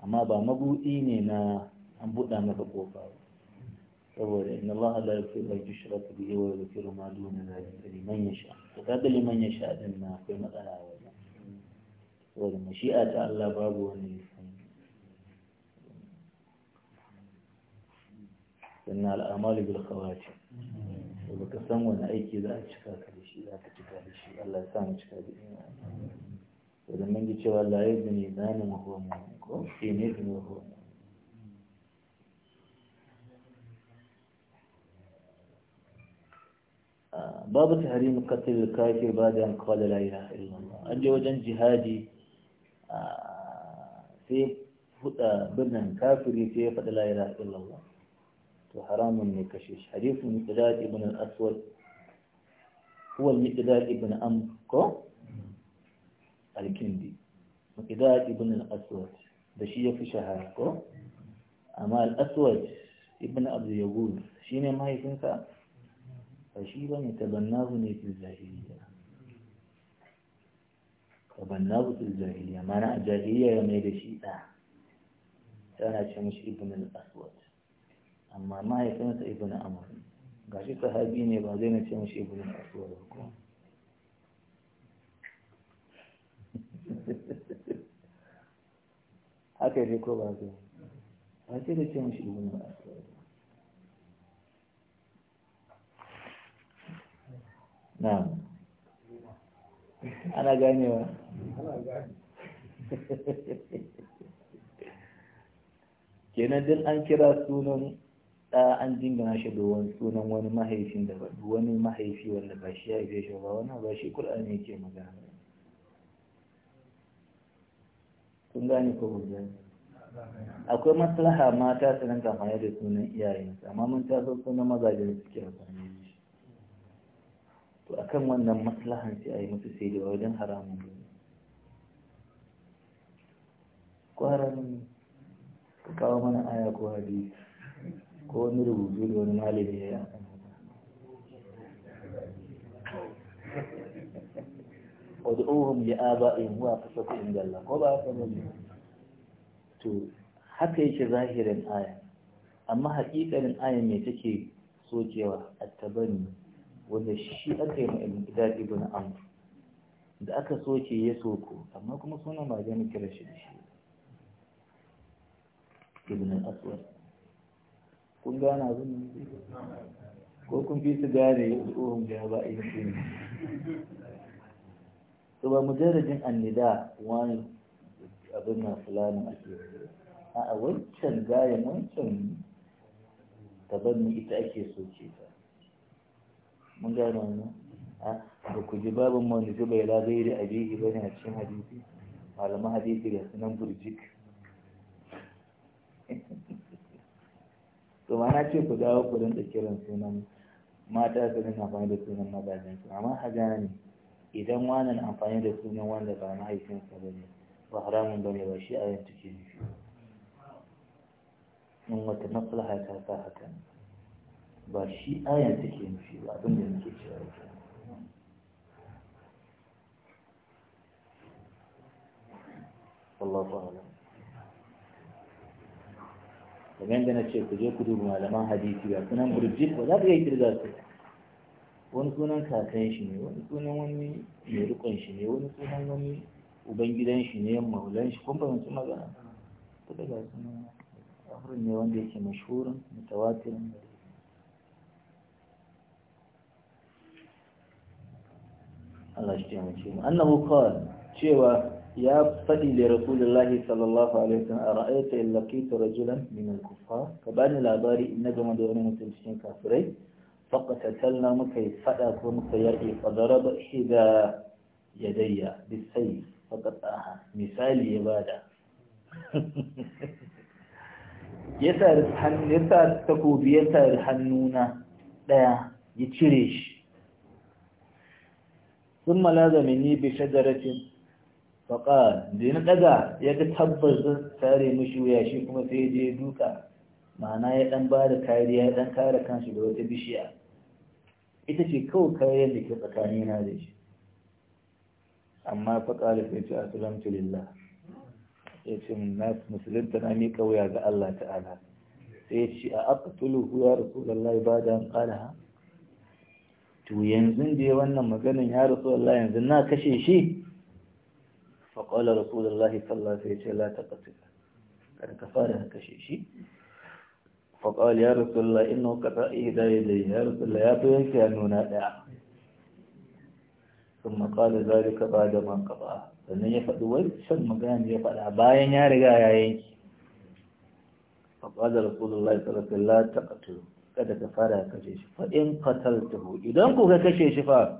amma ba mabuɗi ne na an buɗa maka ƙofa ba saboda inna Allah la yaghfiru an yushraka bihi wa yaghfiru ma duna dhalika liman yasha to kaga liman yasha din na kai matsala a wajen saboda mashi'a ta Allah babu wani sannan al'amalu bil khawati to baka san wani aiki za a cika ka da shi za ka cika da shi Allah ya sa mu cika da imani ومن جيت شوال لعيد من إيمان وهو مؤمن في نيف وهو باب تحريم قتل الكافر بعد أن قال لا إله إلا الله الجوجا جهادي في بدنا كافر في قد لا إله إلا الله وحرام النكشيش حديث المقداد ابن الأسود هو المقداد ابن أمكو alkindi maƙidad ibn al-aswad da shi ya fi shahara ko amma al-aswad ibn abdul yagul shi ne mahaifinsa ba shi ba ne tabannahu ne fil jahiliya tabannahu fil jahiliya mana a jahiliya ya mai da shi ɗa tana ce mashi ibn al-aswad amma mahaifinsa ibn amr gashi sahabi ne ba zai na ce mashi ibn al-aswad ba haka ne ko ba haka a sai da ce mashi ibn al na na'am ana ganewa kenan din an kira sunan da an jingina shi da wani sunan wani mahaifin da wani mahaifi wanda ba shi ya ife shi ba wannan ba shi kur'ani yake magana Sun gane ko hujja akwai maslaha mata su rinka amfani da sunan iyayensu amma mun taso sunan mazajen suke amfani da shi to akan wannan maslahan sai a yi musu sai da wajen haramun ko haramun ka kawo mana aya ko hadisi ko wani rubutu da wani malami ya yi a kan wad'uhum li aba'ihim wa fasaqu inda Allah ko ba haka bane to haka yake zahirin aya amma haƙiƙanin aya me take sokewa at-tabanni wanda shi aka yi ma ibn kitab ibn amr da aka soke ya soko amma kuma suna ba gani kira shi da shi ibn al-aswad kun gana abin ko kun fi su gane wad'uhum li aba'ihim to ba mujarrajin annida wani abin na fulani ake a wancan gaya wancan tabanni ita ake so ce ta mun gane a da ku ji babin wani zuba ya labai da abihi bane a cikin hadisi malaman hadisi ga sunan burjik to ma na ce ku dawo ku rinda kiran sunan mata su rinka amfani da sunan mazajen su amma ne. idan wannan amfani da sunan wanda ba mahaifinsa ba ne ba haramun ba ne ba shi a yanzu ke nufi in wata maslaha ta sa haka ba shi a yanzu ke nufi ba abin da nake cewa ke Allahu a'lam kamar yadda na ce ku je ku duba malaman hadisi ga sunan burjik ba za ka iya kirga su wani sunan kakan shi ne wani sunan wani mai rikon shi ne wani sunan wani ubangidan shi ne maulan shi kun fahimci magana ta daga sunan afirin ne wanda yake mashhurin mutawatirin Allah shi taimake mu annahu qala cewa ya faɗi da rasulullahi sallallahu alaihi wasallam a ra'ayta illaqita rajulan min al-kuffar ka bani labari in na gama da wani mutum cikin kafirai فقط فقتلنا مكي فدا كون سيري فضرب احدى يدي بالسيف فقد اها مثال يبادا يسأل حن يسأل تكوب يسأل حنونا دا يتشريش ثم لازمني بشجرة فقال دين قدا يتحبز ساري مشي وياشيكم في يدي دوكا معناه يتنبال كايريا يتنكار كانش بوتي بشيئة ita ce kawai kayan da ke tsakani na da shi amma fa ƙalif ya ce asalamu lillah ya ce musulunta na miƙa wuya ga Allah ta'ala sai ya ce a aqtulu ya rasulullahi ba da an ha? to yanzu da wannan maganin ya rasulullahi yanzu na kashe shi fa qala rasulullahi sallallahu alaihi wasallam la taqtul kada ka fara kashe shi faƙawar ya rasulullah ina kata ihda yadai ya rasulullah ya fi yanke hannuna ɗaya sun maƙala zari kaɓa da man kaɓa sannan ya faɗi wancan magana ya faɗa bayan ya riga ya yanki faƙawar rasulullah sallallahu alaihi ta ƙatu kada ka fara kashe shi fa in qataltahu idan ku ka kashe shi fa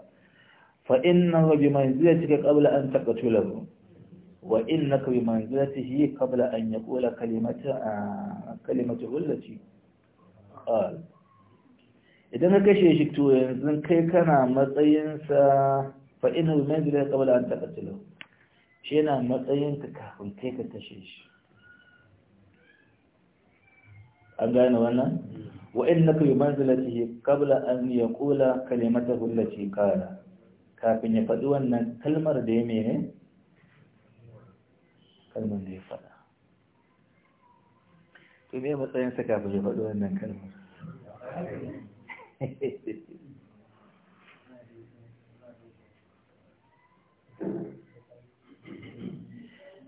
fa innahu bi manzilati qabla an taqtulahu wa qal idan ka kashe shi to yanzu kai kana matsayinsa fa inal manzila qabla an taqtilo shi yana matsayinka kafin kai ka kashe shi an gane wannan wa innaka bi manzilatihi qabla an yaqula kalimatahu allati qala kafin ya faɗi wannan kalmar da ya mene kalmar da ya faɗa to matsayin matsayinsa kafin ya faɗi wannan kalmar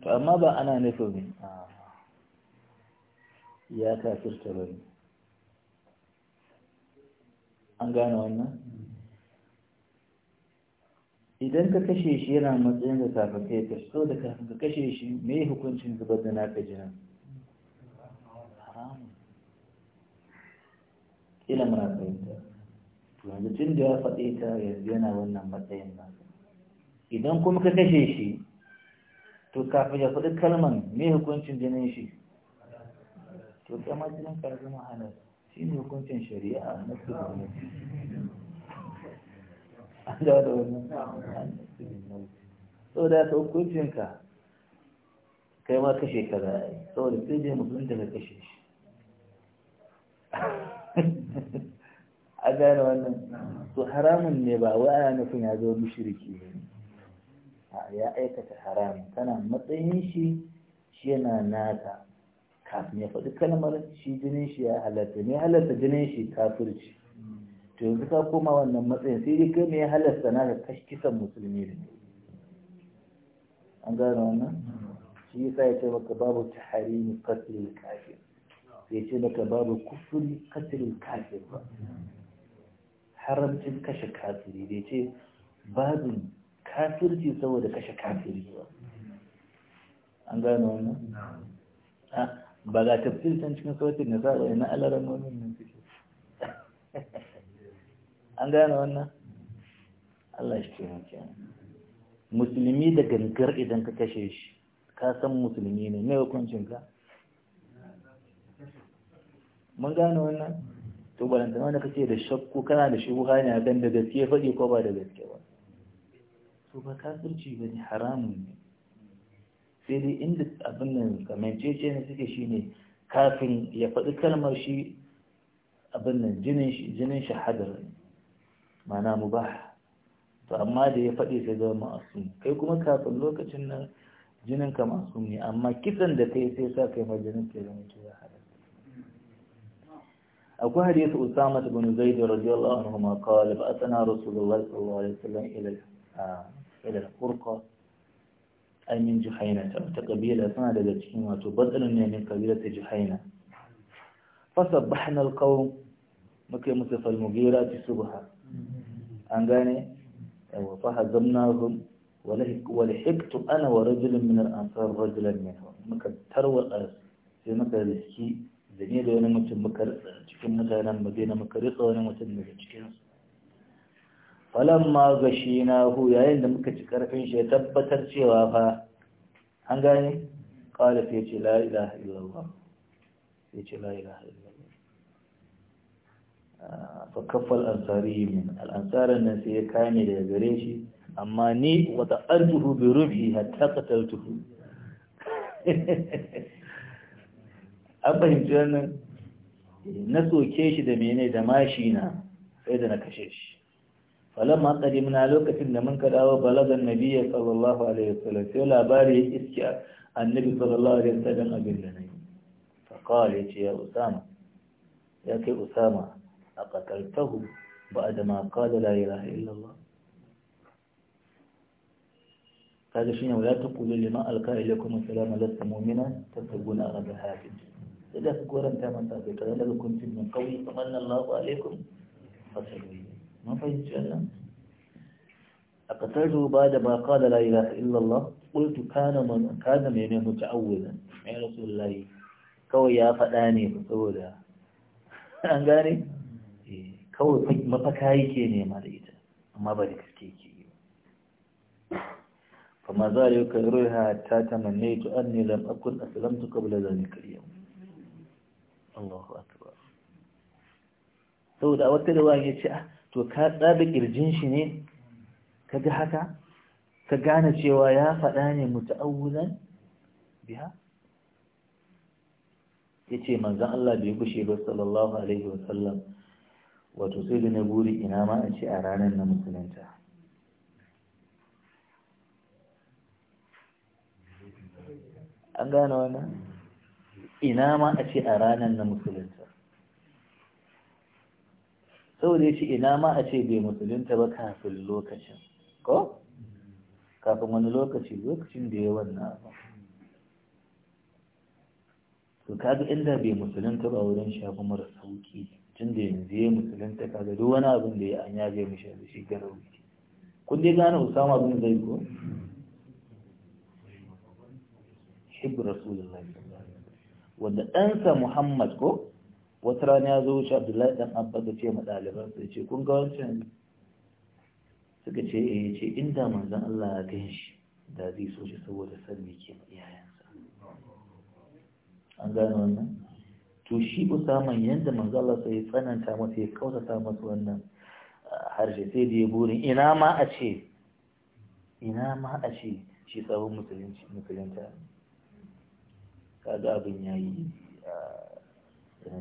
to amma ba ana nufin ah, ya kafirta ba ne an gane wannan idan ka kashe shi yana matsayin da kafin kai ka so da kafin ka kashe shi mai hukuncin zubar da naka jinan ila muna fahimta yanzu tun da ya faɗi ta yanzu yana wannan matsayin nan idan kuma ka kashe shi to kafin ya faɗi kalman me hukuncin jinin shi to kama jinin ka zama halar shi ne hukuncin shari'a na su an da da wannan sau da ta hukuncin ka kai ma kashe ka za a yi saboda sai dai mutum da ka kashe shi a gane wannan su haramun ne ba wa ana nufin ya zo mushriki ne ya aikata haram tana matsayin shi shi yana naka kafin ya faɗi kalmar shi jinin shi ya halatta ne halatta jinin shi kafirci to yanzu ka koma wannan matsayin sai dai kai ne ya halatta na ka kisan musulmi ne an gane wannan shi yasa ya ce maka babu tahrimi qatl al-kafir sai ce maka babu kufuri katirin kafir ba haramcin kashe kafiri bai ce babu kafirci saboda kashe kafiri ba an gano wannan ah, ba ta fi can cikin sautin na sa'a na alarar momin nan fi an gano wannan Allah shi ke mace musulmi da gangar idan ka kashe shi ka san musulmi ne mai hukuncinka mun gane wannan to balanta wanda kace da shakku kana da shubha ne ganda da gaskiya faɗi ko ba da gaske ba to ba kafirci ba ne haramun ne sai dai inda abin nan kamancece ne suke shine kafin ya faɗi kalmar shi abin nan jinin shi jinin shi hadar mana mubah to amma da ya faɗi sai zama ma'asum kai kuma kafin lokacin nan jinin ka ma'asum ne amma kisan da kai sai sa kai ma jinin ke zama ya hadar أكو حديث أسامة بن زيد رضي الله عنهما قال بأتنا رسول الله صلى الله عليه وسلم إلى آه، إلى القرقة أي من جحينة وتقبيلة سنة لجحين وتبدل من قبيلة جحينة فسبحنا القوم مكي مصف المغيرة سبحا أنغاني أيوة، فهزمناهم ولحقت أنا ورجل من الأنصار رجلا منهم مكي تروى الأرض في مكي da da wani mutum muka ritsa cikin mutanen madina muka ritsa wani mutum daga cikinsu falamma shi na hu yayin da muka ci karfin shi ya tabbatar cewa fa an gane kawai da ce la ilaha illallah ya ce la ilaha illallah ah, fa kafal ansari min al'ansaran nan sai ya kame daga gare shi amma ni wata arzuhu bi rufi hatta qataltuhu an fahimci wannan na soke shi da mene da mashi na sai da na kashe shi falon ma falamma muna lokacin da mun kadawo balagan nabiyyi sallallahu alaihi wasallam sai labari ya iske annabi sallallahu alaihi wasallam abin da nayi fa qala ya usama ya kai usama a aqataltahu ba'da ma qala da ilaha illa illallah kaga shine wala taqulu liman alqa ilaykum assalamu alaikum mu'mina tasbuna arada hafid إذا كنت من قوي فمن الله عليكم فصلوا ما فين جل أقتلوا بعد ما قال لا إله إلا الله قلت كان من كان من متعودا يا رسول الله كوي يا فلاني فصولا أنقاري كوي ما فكاي كيني ما ليت ما بدك تكيكي فما زال يكررها حتى تمنيت أني لم أكن أسلمت قبل ذلك اليوم Allahu akbar saboda wata ce yace ah, to ka tsabi ƙirjin shi ne ka ga haka ka gane cewa ya faɗa ne biya?" Ya ce, "Manzan Allah bai gushe ba sallallahu alaihi wasallam wato sai da na buri ina ma a ce a ranar na musulunta an gane wannan ina ma a ce a ranar na musulunta saboda shi ina ma a ce bai musulunta ba kafin lokacin ko kafin wani lokaci lokacin da ya wannan ba to kaga inda bai musulunta ba wurin shafi mara sauki tun da yanzu ya musulunta kaga duk wani abin da ya an yaje mishi da shi garauki kun dai gane usama bin zai ko hibbu rasulullahi wanda ɗansa Muhammad ko wata rana ya zo wuce Abdullahi dan Abba da ce madaliban sai ce kun ga wancan suka ce eh ce inda manzon Allah ya gan shi da zai so shi saboda san me ke iyayensa an gane wannan to shi Usama yanda manzon Allah sai tsananta masa ya kautata masa wannan ah, harshe sai da ya burin ina ma a ce ina ma a ce shi sabon musulunci musulunci ne kaga abin ya yi a da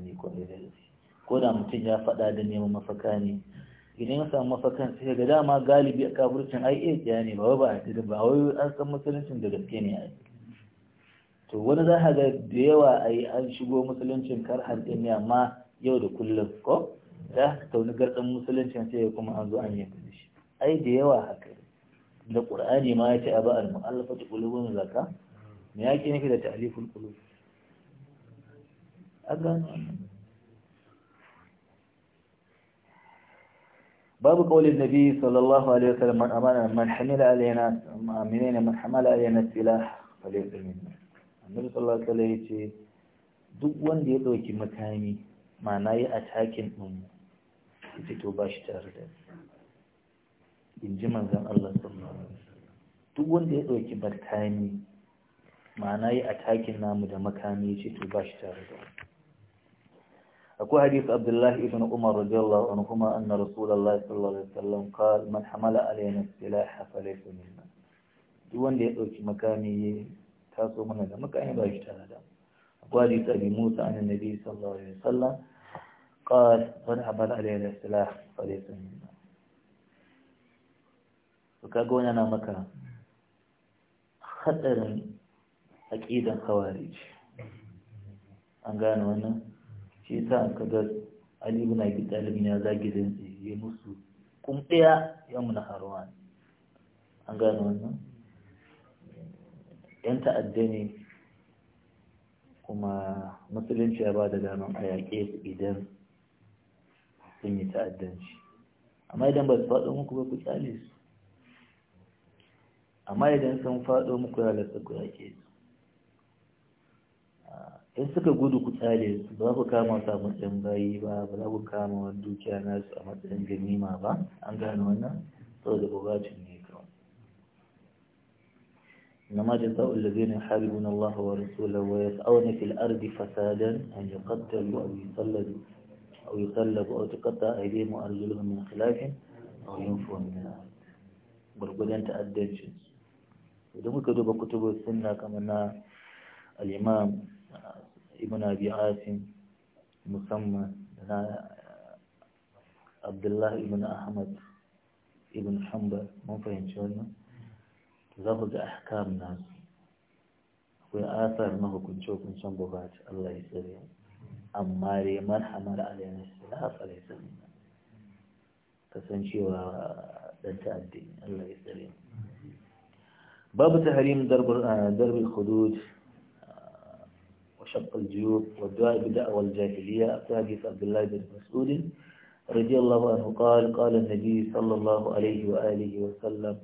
ko da mutum ya faɗa da neman mafaka ne idan ya samu mafakan sai ga dama galibi a kafircin ai iya ne ba ba a tiri ba wai an san musuluncin da gaske ne yi. to wani za a ga da yawa a yi an shigo musuluncin kar hanɗin ne amma yau da kullum ko da ka tauni garɗin musuluncin sai kuma an zo an yi shi ai da yawa haka da ƙur'ani ma ya ce a ba al-mu'allafatu qulubun zaka me yake nufi da ta'aliful qulub باب قول النبي صلى الله عليه وسلم من أمان من حمل علينا مؤمنين من حمل علينا السلاح duk wanda ya makami ma'ana yi a fito ba tare da in ji manzan Allah sallallahu alaihi duk wanda ya ɗauki makami ma'ana yi atakin namu da makami ce to ba shi tare da akwai hadith abdullahi ibn umar radiyallahu anhu kuma anna rasulullahi sallallahu alaihi wasallam qala man hamala alayna silaha falaysa minna duk wanda ya dauki makami ya taso mana da makami ba shi tare da akwai hadith abi musa an nabi sallallahu alaihi wasallam قال من حمل علينا السلاح فليس منا to kaga wani maka hatsarin aƙidan khawarij an gane wannan shi yasa ka ga Ali ibn Abi Talib ya zagi da ya musu kun daya ya muna harwan an gane wannan yan ta'adda ne kuma musulunci ya ba da daman a yaƙe su idan sun yi ta'addanci amma idan ba su faɗo muku ba ku kyale su amma idan sun faɗo muku ya lasa ku yaƙe su in suka gudu ku tsare su ba ku kama su a matsayin bayi ba ba ان ku kama wa dukiya nasu a matsayin ganima ba an gane wannan saboda bukatun ne kawai إنما جزاء الذين يحاربون الله ورسوله ويسعون في الأرض فسادا أن يقتلوا أو يصلبوا أو يصلبوا أو تقطع أيديهم وأرجلهم من خلاف أو ينفوا من الأرض بربدان تأدى إذا ممكن كتب السنة كما الإمام بآس مسمى عبد الله بن احمد ابن حنبل مو فاهم شلون لفظ احكام ناس واثر ما هو كنت شوف ان شنبو الله يسلم أم مريم حمل علينا السلاف عليه السلام تسنشي ودنت الدين الله يسلم باب تحريم درب الخدود شق الجيوب والدعاء بدعوى الجاهلية أحاديث عبد الله بن مسعود رضي الله عنه قال قال النبي صلى الله عليه وآله وسلم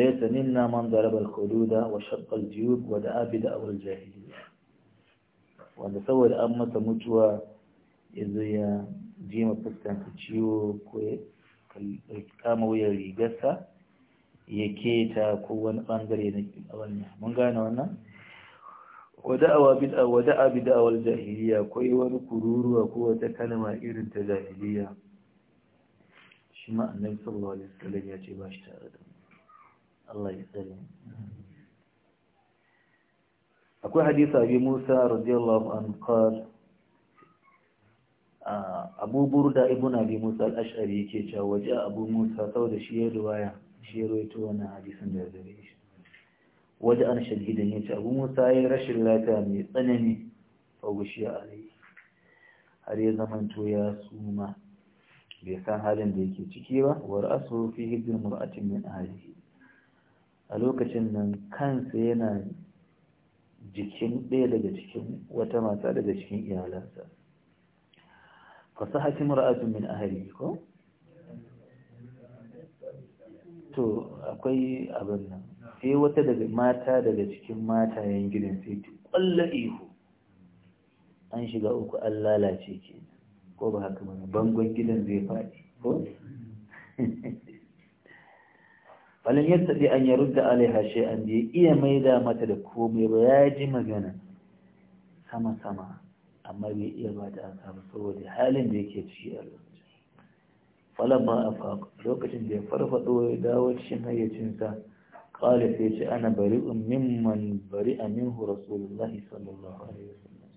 ليس منا من ضرب الخدود وشق الجيوب ودعا بدعوى الجاهلية وأن تصور an masa إذا ya zo ya ji fuskansa ciwo ko ya kama wuyar rigarsa ya keta ko wani bangare wada a bi da'awar jahiliya kwai wani kururuwa ko wata kalama irin ta jahiliya ya ce ba shi tare da Allah akwai hadisa bi musa radiyallahu an qal abu burda ibn abi musa al-ash'ari yake cewa waje abu musa saboda shi ya ruwaya shi ya ruwaito wannan hadisin da ya wadda an shahidan ya ce abu musa ya rashin lafiya mai tsanani fagushiya a rai har ya zamanto ya suma bai san halin da yake ciki ba war asu fi hijin mur'atin min ahlihi a lokacin nan kansa yana jikin ɗaya daga cikin wata mata daga cikin iyalansa fasahati mur'atun min ahlihi ko to akwai abin nan sai wata daga mata daga cikin matayen gidan sai ta ƙwallo ihu an shiga uku an lalace ke ko ba haka mana bangon gidan zai faɗi ko? falin yadda dai an yaru da shi, an da iya maida mata da komai ba ya ji magana sama-sama amma bai iya ba da aka ba saboda halin da yake ciki a lokacin falon ba a lokacin da ya farfaɗo ya dawo cikin hayyacinsa قال سيش أنا بريء ممن بريء منه رسول الله صلى الله عليه وسلم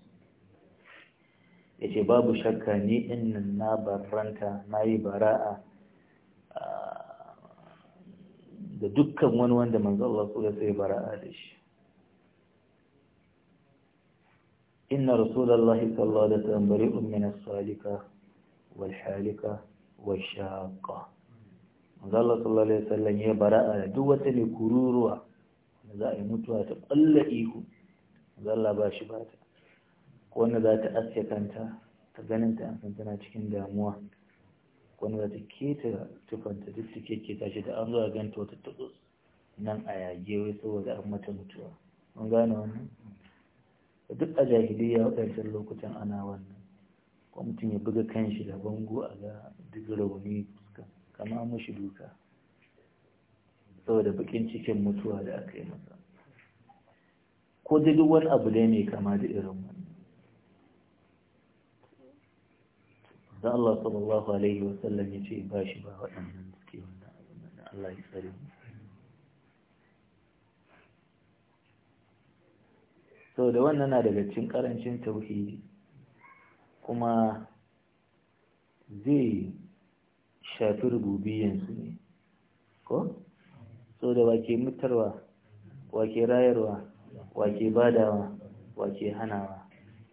يجي باب شكا ني إن النابر رنتا ناي براءة da dukkan wani wanda manzo Allah su sai bara'a da shi inna rasulullah sallallahu alaihi wasallam bari'un min as-salika wal halika wash shaqa manzo Allah sallallahu alaihi wasallam ya bara'a da duk wata ne kururuwa da za a yi mutuwa ta ƙalla ihu manzo ba shi ba ta ko wanda za ta aske kanta ta ganin ta an tana cikin damuwa ko wanda za ta keta tufanta duk ta keke ta shi da an zuwa ganta wata tukus nan a yage wai saboda an mata mutuwa Mun gane wannan duk a jahiliya waɗancan lokutan ana wannan ko mutum ya buga kan shi da bango a ga duk rauni kama mushi duka saboda bakin cikin mutuwa da aka yi masa ko da duk wani abu dai mai kama da irin wani da Allah sallallahu alaihi sallam ya ce ba shi ba waɗannan suke wannan abu na Allah ya tsare mu sau da wannan na daga cikin karancin tauhidi kuma zai shafi rububiyansu ne ko? so da wake mutarwa wake rayarwa wake badawa wake hanawa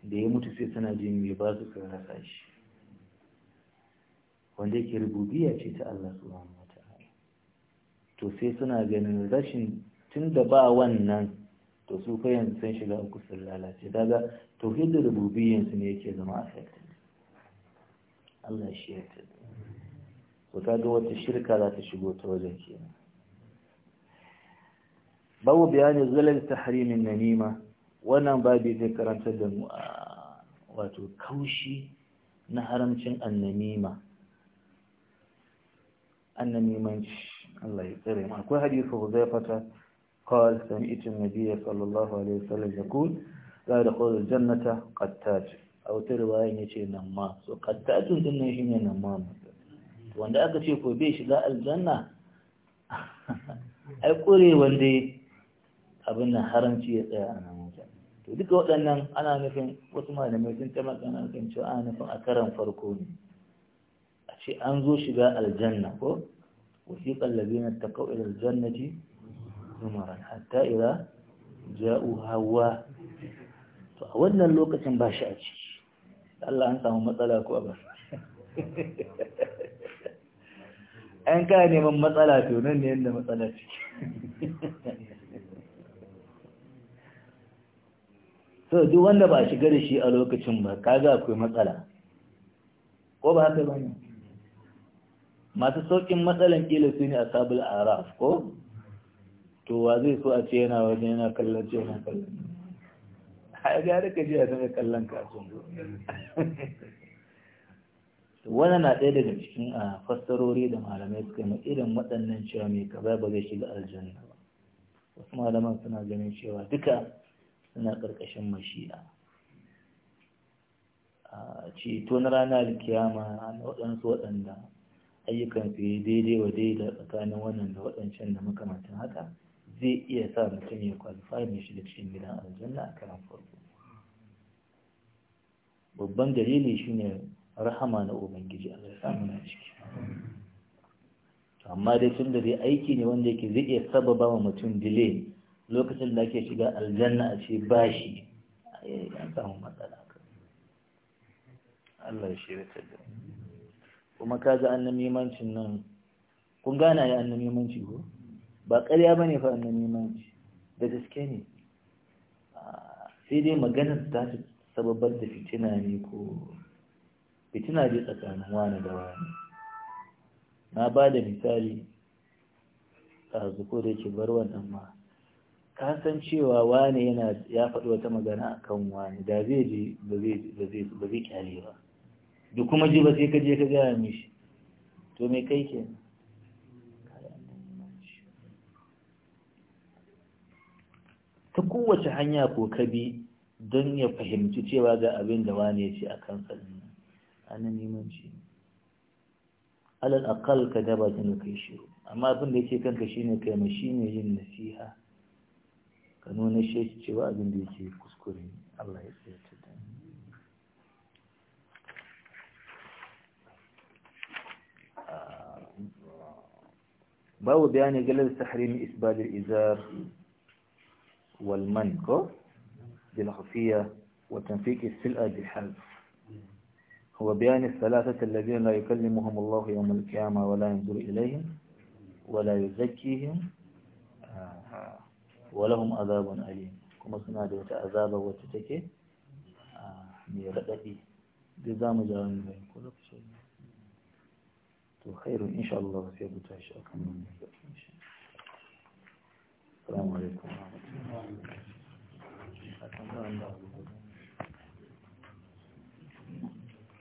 da ya mutu sai suna jin mai ba su rasa shi wanda yake rububiya ce ta Allah subhanahu wa ta'ala to sai suna ganin rashin tun da ba wannan to su kai yanzu sun shiga uku sun lalace daga tauhid da rububiyyansu ne yake zama affected Allah shi ya tada ta ga wata shirka za ta shigo ta wajen kenan babu bayanin zalal taharimin nanima wannan babi zai karanta da mu wato kaushi na haramcin annamima annamimanci Allah ya tsare mu akwai hadisi Huzaifata قال سمعت النبي صلى الله عليه وسلم يقول لا يدخل الجنة قتاج أو ترواية نشي نمام سو قتاج الجنة هي نمام wanda aka ce ko bai shiga aljanna ai kure wanda abin nan haramci ya tsaya a nan to duka waɗannan ana nufin wasu malamai sun ta magana kan cewa ana nufin a karan farko ne a ce an zo shiga aljanna ko wasiƙan na ta kawai aljannati zumaran hatta ila ja'u hawa to a wannan lokacin ba shi a ciki Allah an samu matsala ko a ba an kaya neman matsala to nan ne yadda matsala ce so duk wanda ba a shiga da shi a lokacin ba kaga akwai matsala ko ba haka ba ne masu saukin matsalan kila su ne a sabul araf ko to wa zai so a ce yana wajen yana kallon ce yana kallon a ga da ka ji a sanar kallon kasuwa wannan na ɗaya daga cikin a ah, fassarori da malamai suka yi irin waɗannan cewa mai kaza ba zai shiga aljanna ba wasu malaman suna ganin cewa duka suna ƙarƙashin mashi'a a ah, ceto na ranar kiyama na waɗansu waɗanda ayyukan su yi daidai wa daidai tsakanin wannan da waɗancan da makamantan haka zai iya sa mutum ya kwalifai mai shiga cikin gidan aljanna a karan farko babban dalili shine rahama na ubangiji Allah ya samu na ciki amma dai tun da dai aiki ne wanda yake zai iya sababa wa mutum dile lokacin da ake shiga aljanna a ce ba shi an samu matsala Allah ya shirya da kuma ka ji an namimancin nan kun gana ya an namimanci ko ba ƙarya ba ne fa an namimanci da gaske ne ah, sai dai maganar ta sababar da fitina ne ko fitina ji tsakanin wani da wani na ba da misali a zuko da ke bar wannan ma ka san cewa wani yana ya faɗi wata magana a kan wani da zai ji ba zai kyale ba da kuma ji ba sai ka je ka gaya mishi to mai kai ke ta kowace hanya ko kabi don ya fahimci cewa ga abin da wani ya ce a kan sannan ana neman ci alal aqal ka daba tun kai shi amma abin da yake kanka shine kai ma shine yin nasiha ka nuna shi cewa abin da yake kuskure Allah ya tsaya ta babu bayani galar tahrim isbal al-izar wal man ko bil khafiya wa tanfiq al-sil'a bil half وبيان الثلاثة الذين لا يكلمهم الله يوم القيامة ولا ينظر إليهم ولا يزكيهم آه، ولهم عذاب أليم كما سنا دوت عذاب وتتك آه، ميردتي جزام جوان بين كل شيء خير إن شاء الله في أبو تعيش أكمل من السلام عليكم ورحمة الله وبركاته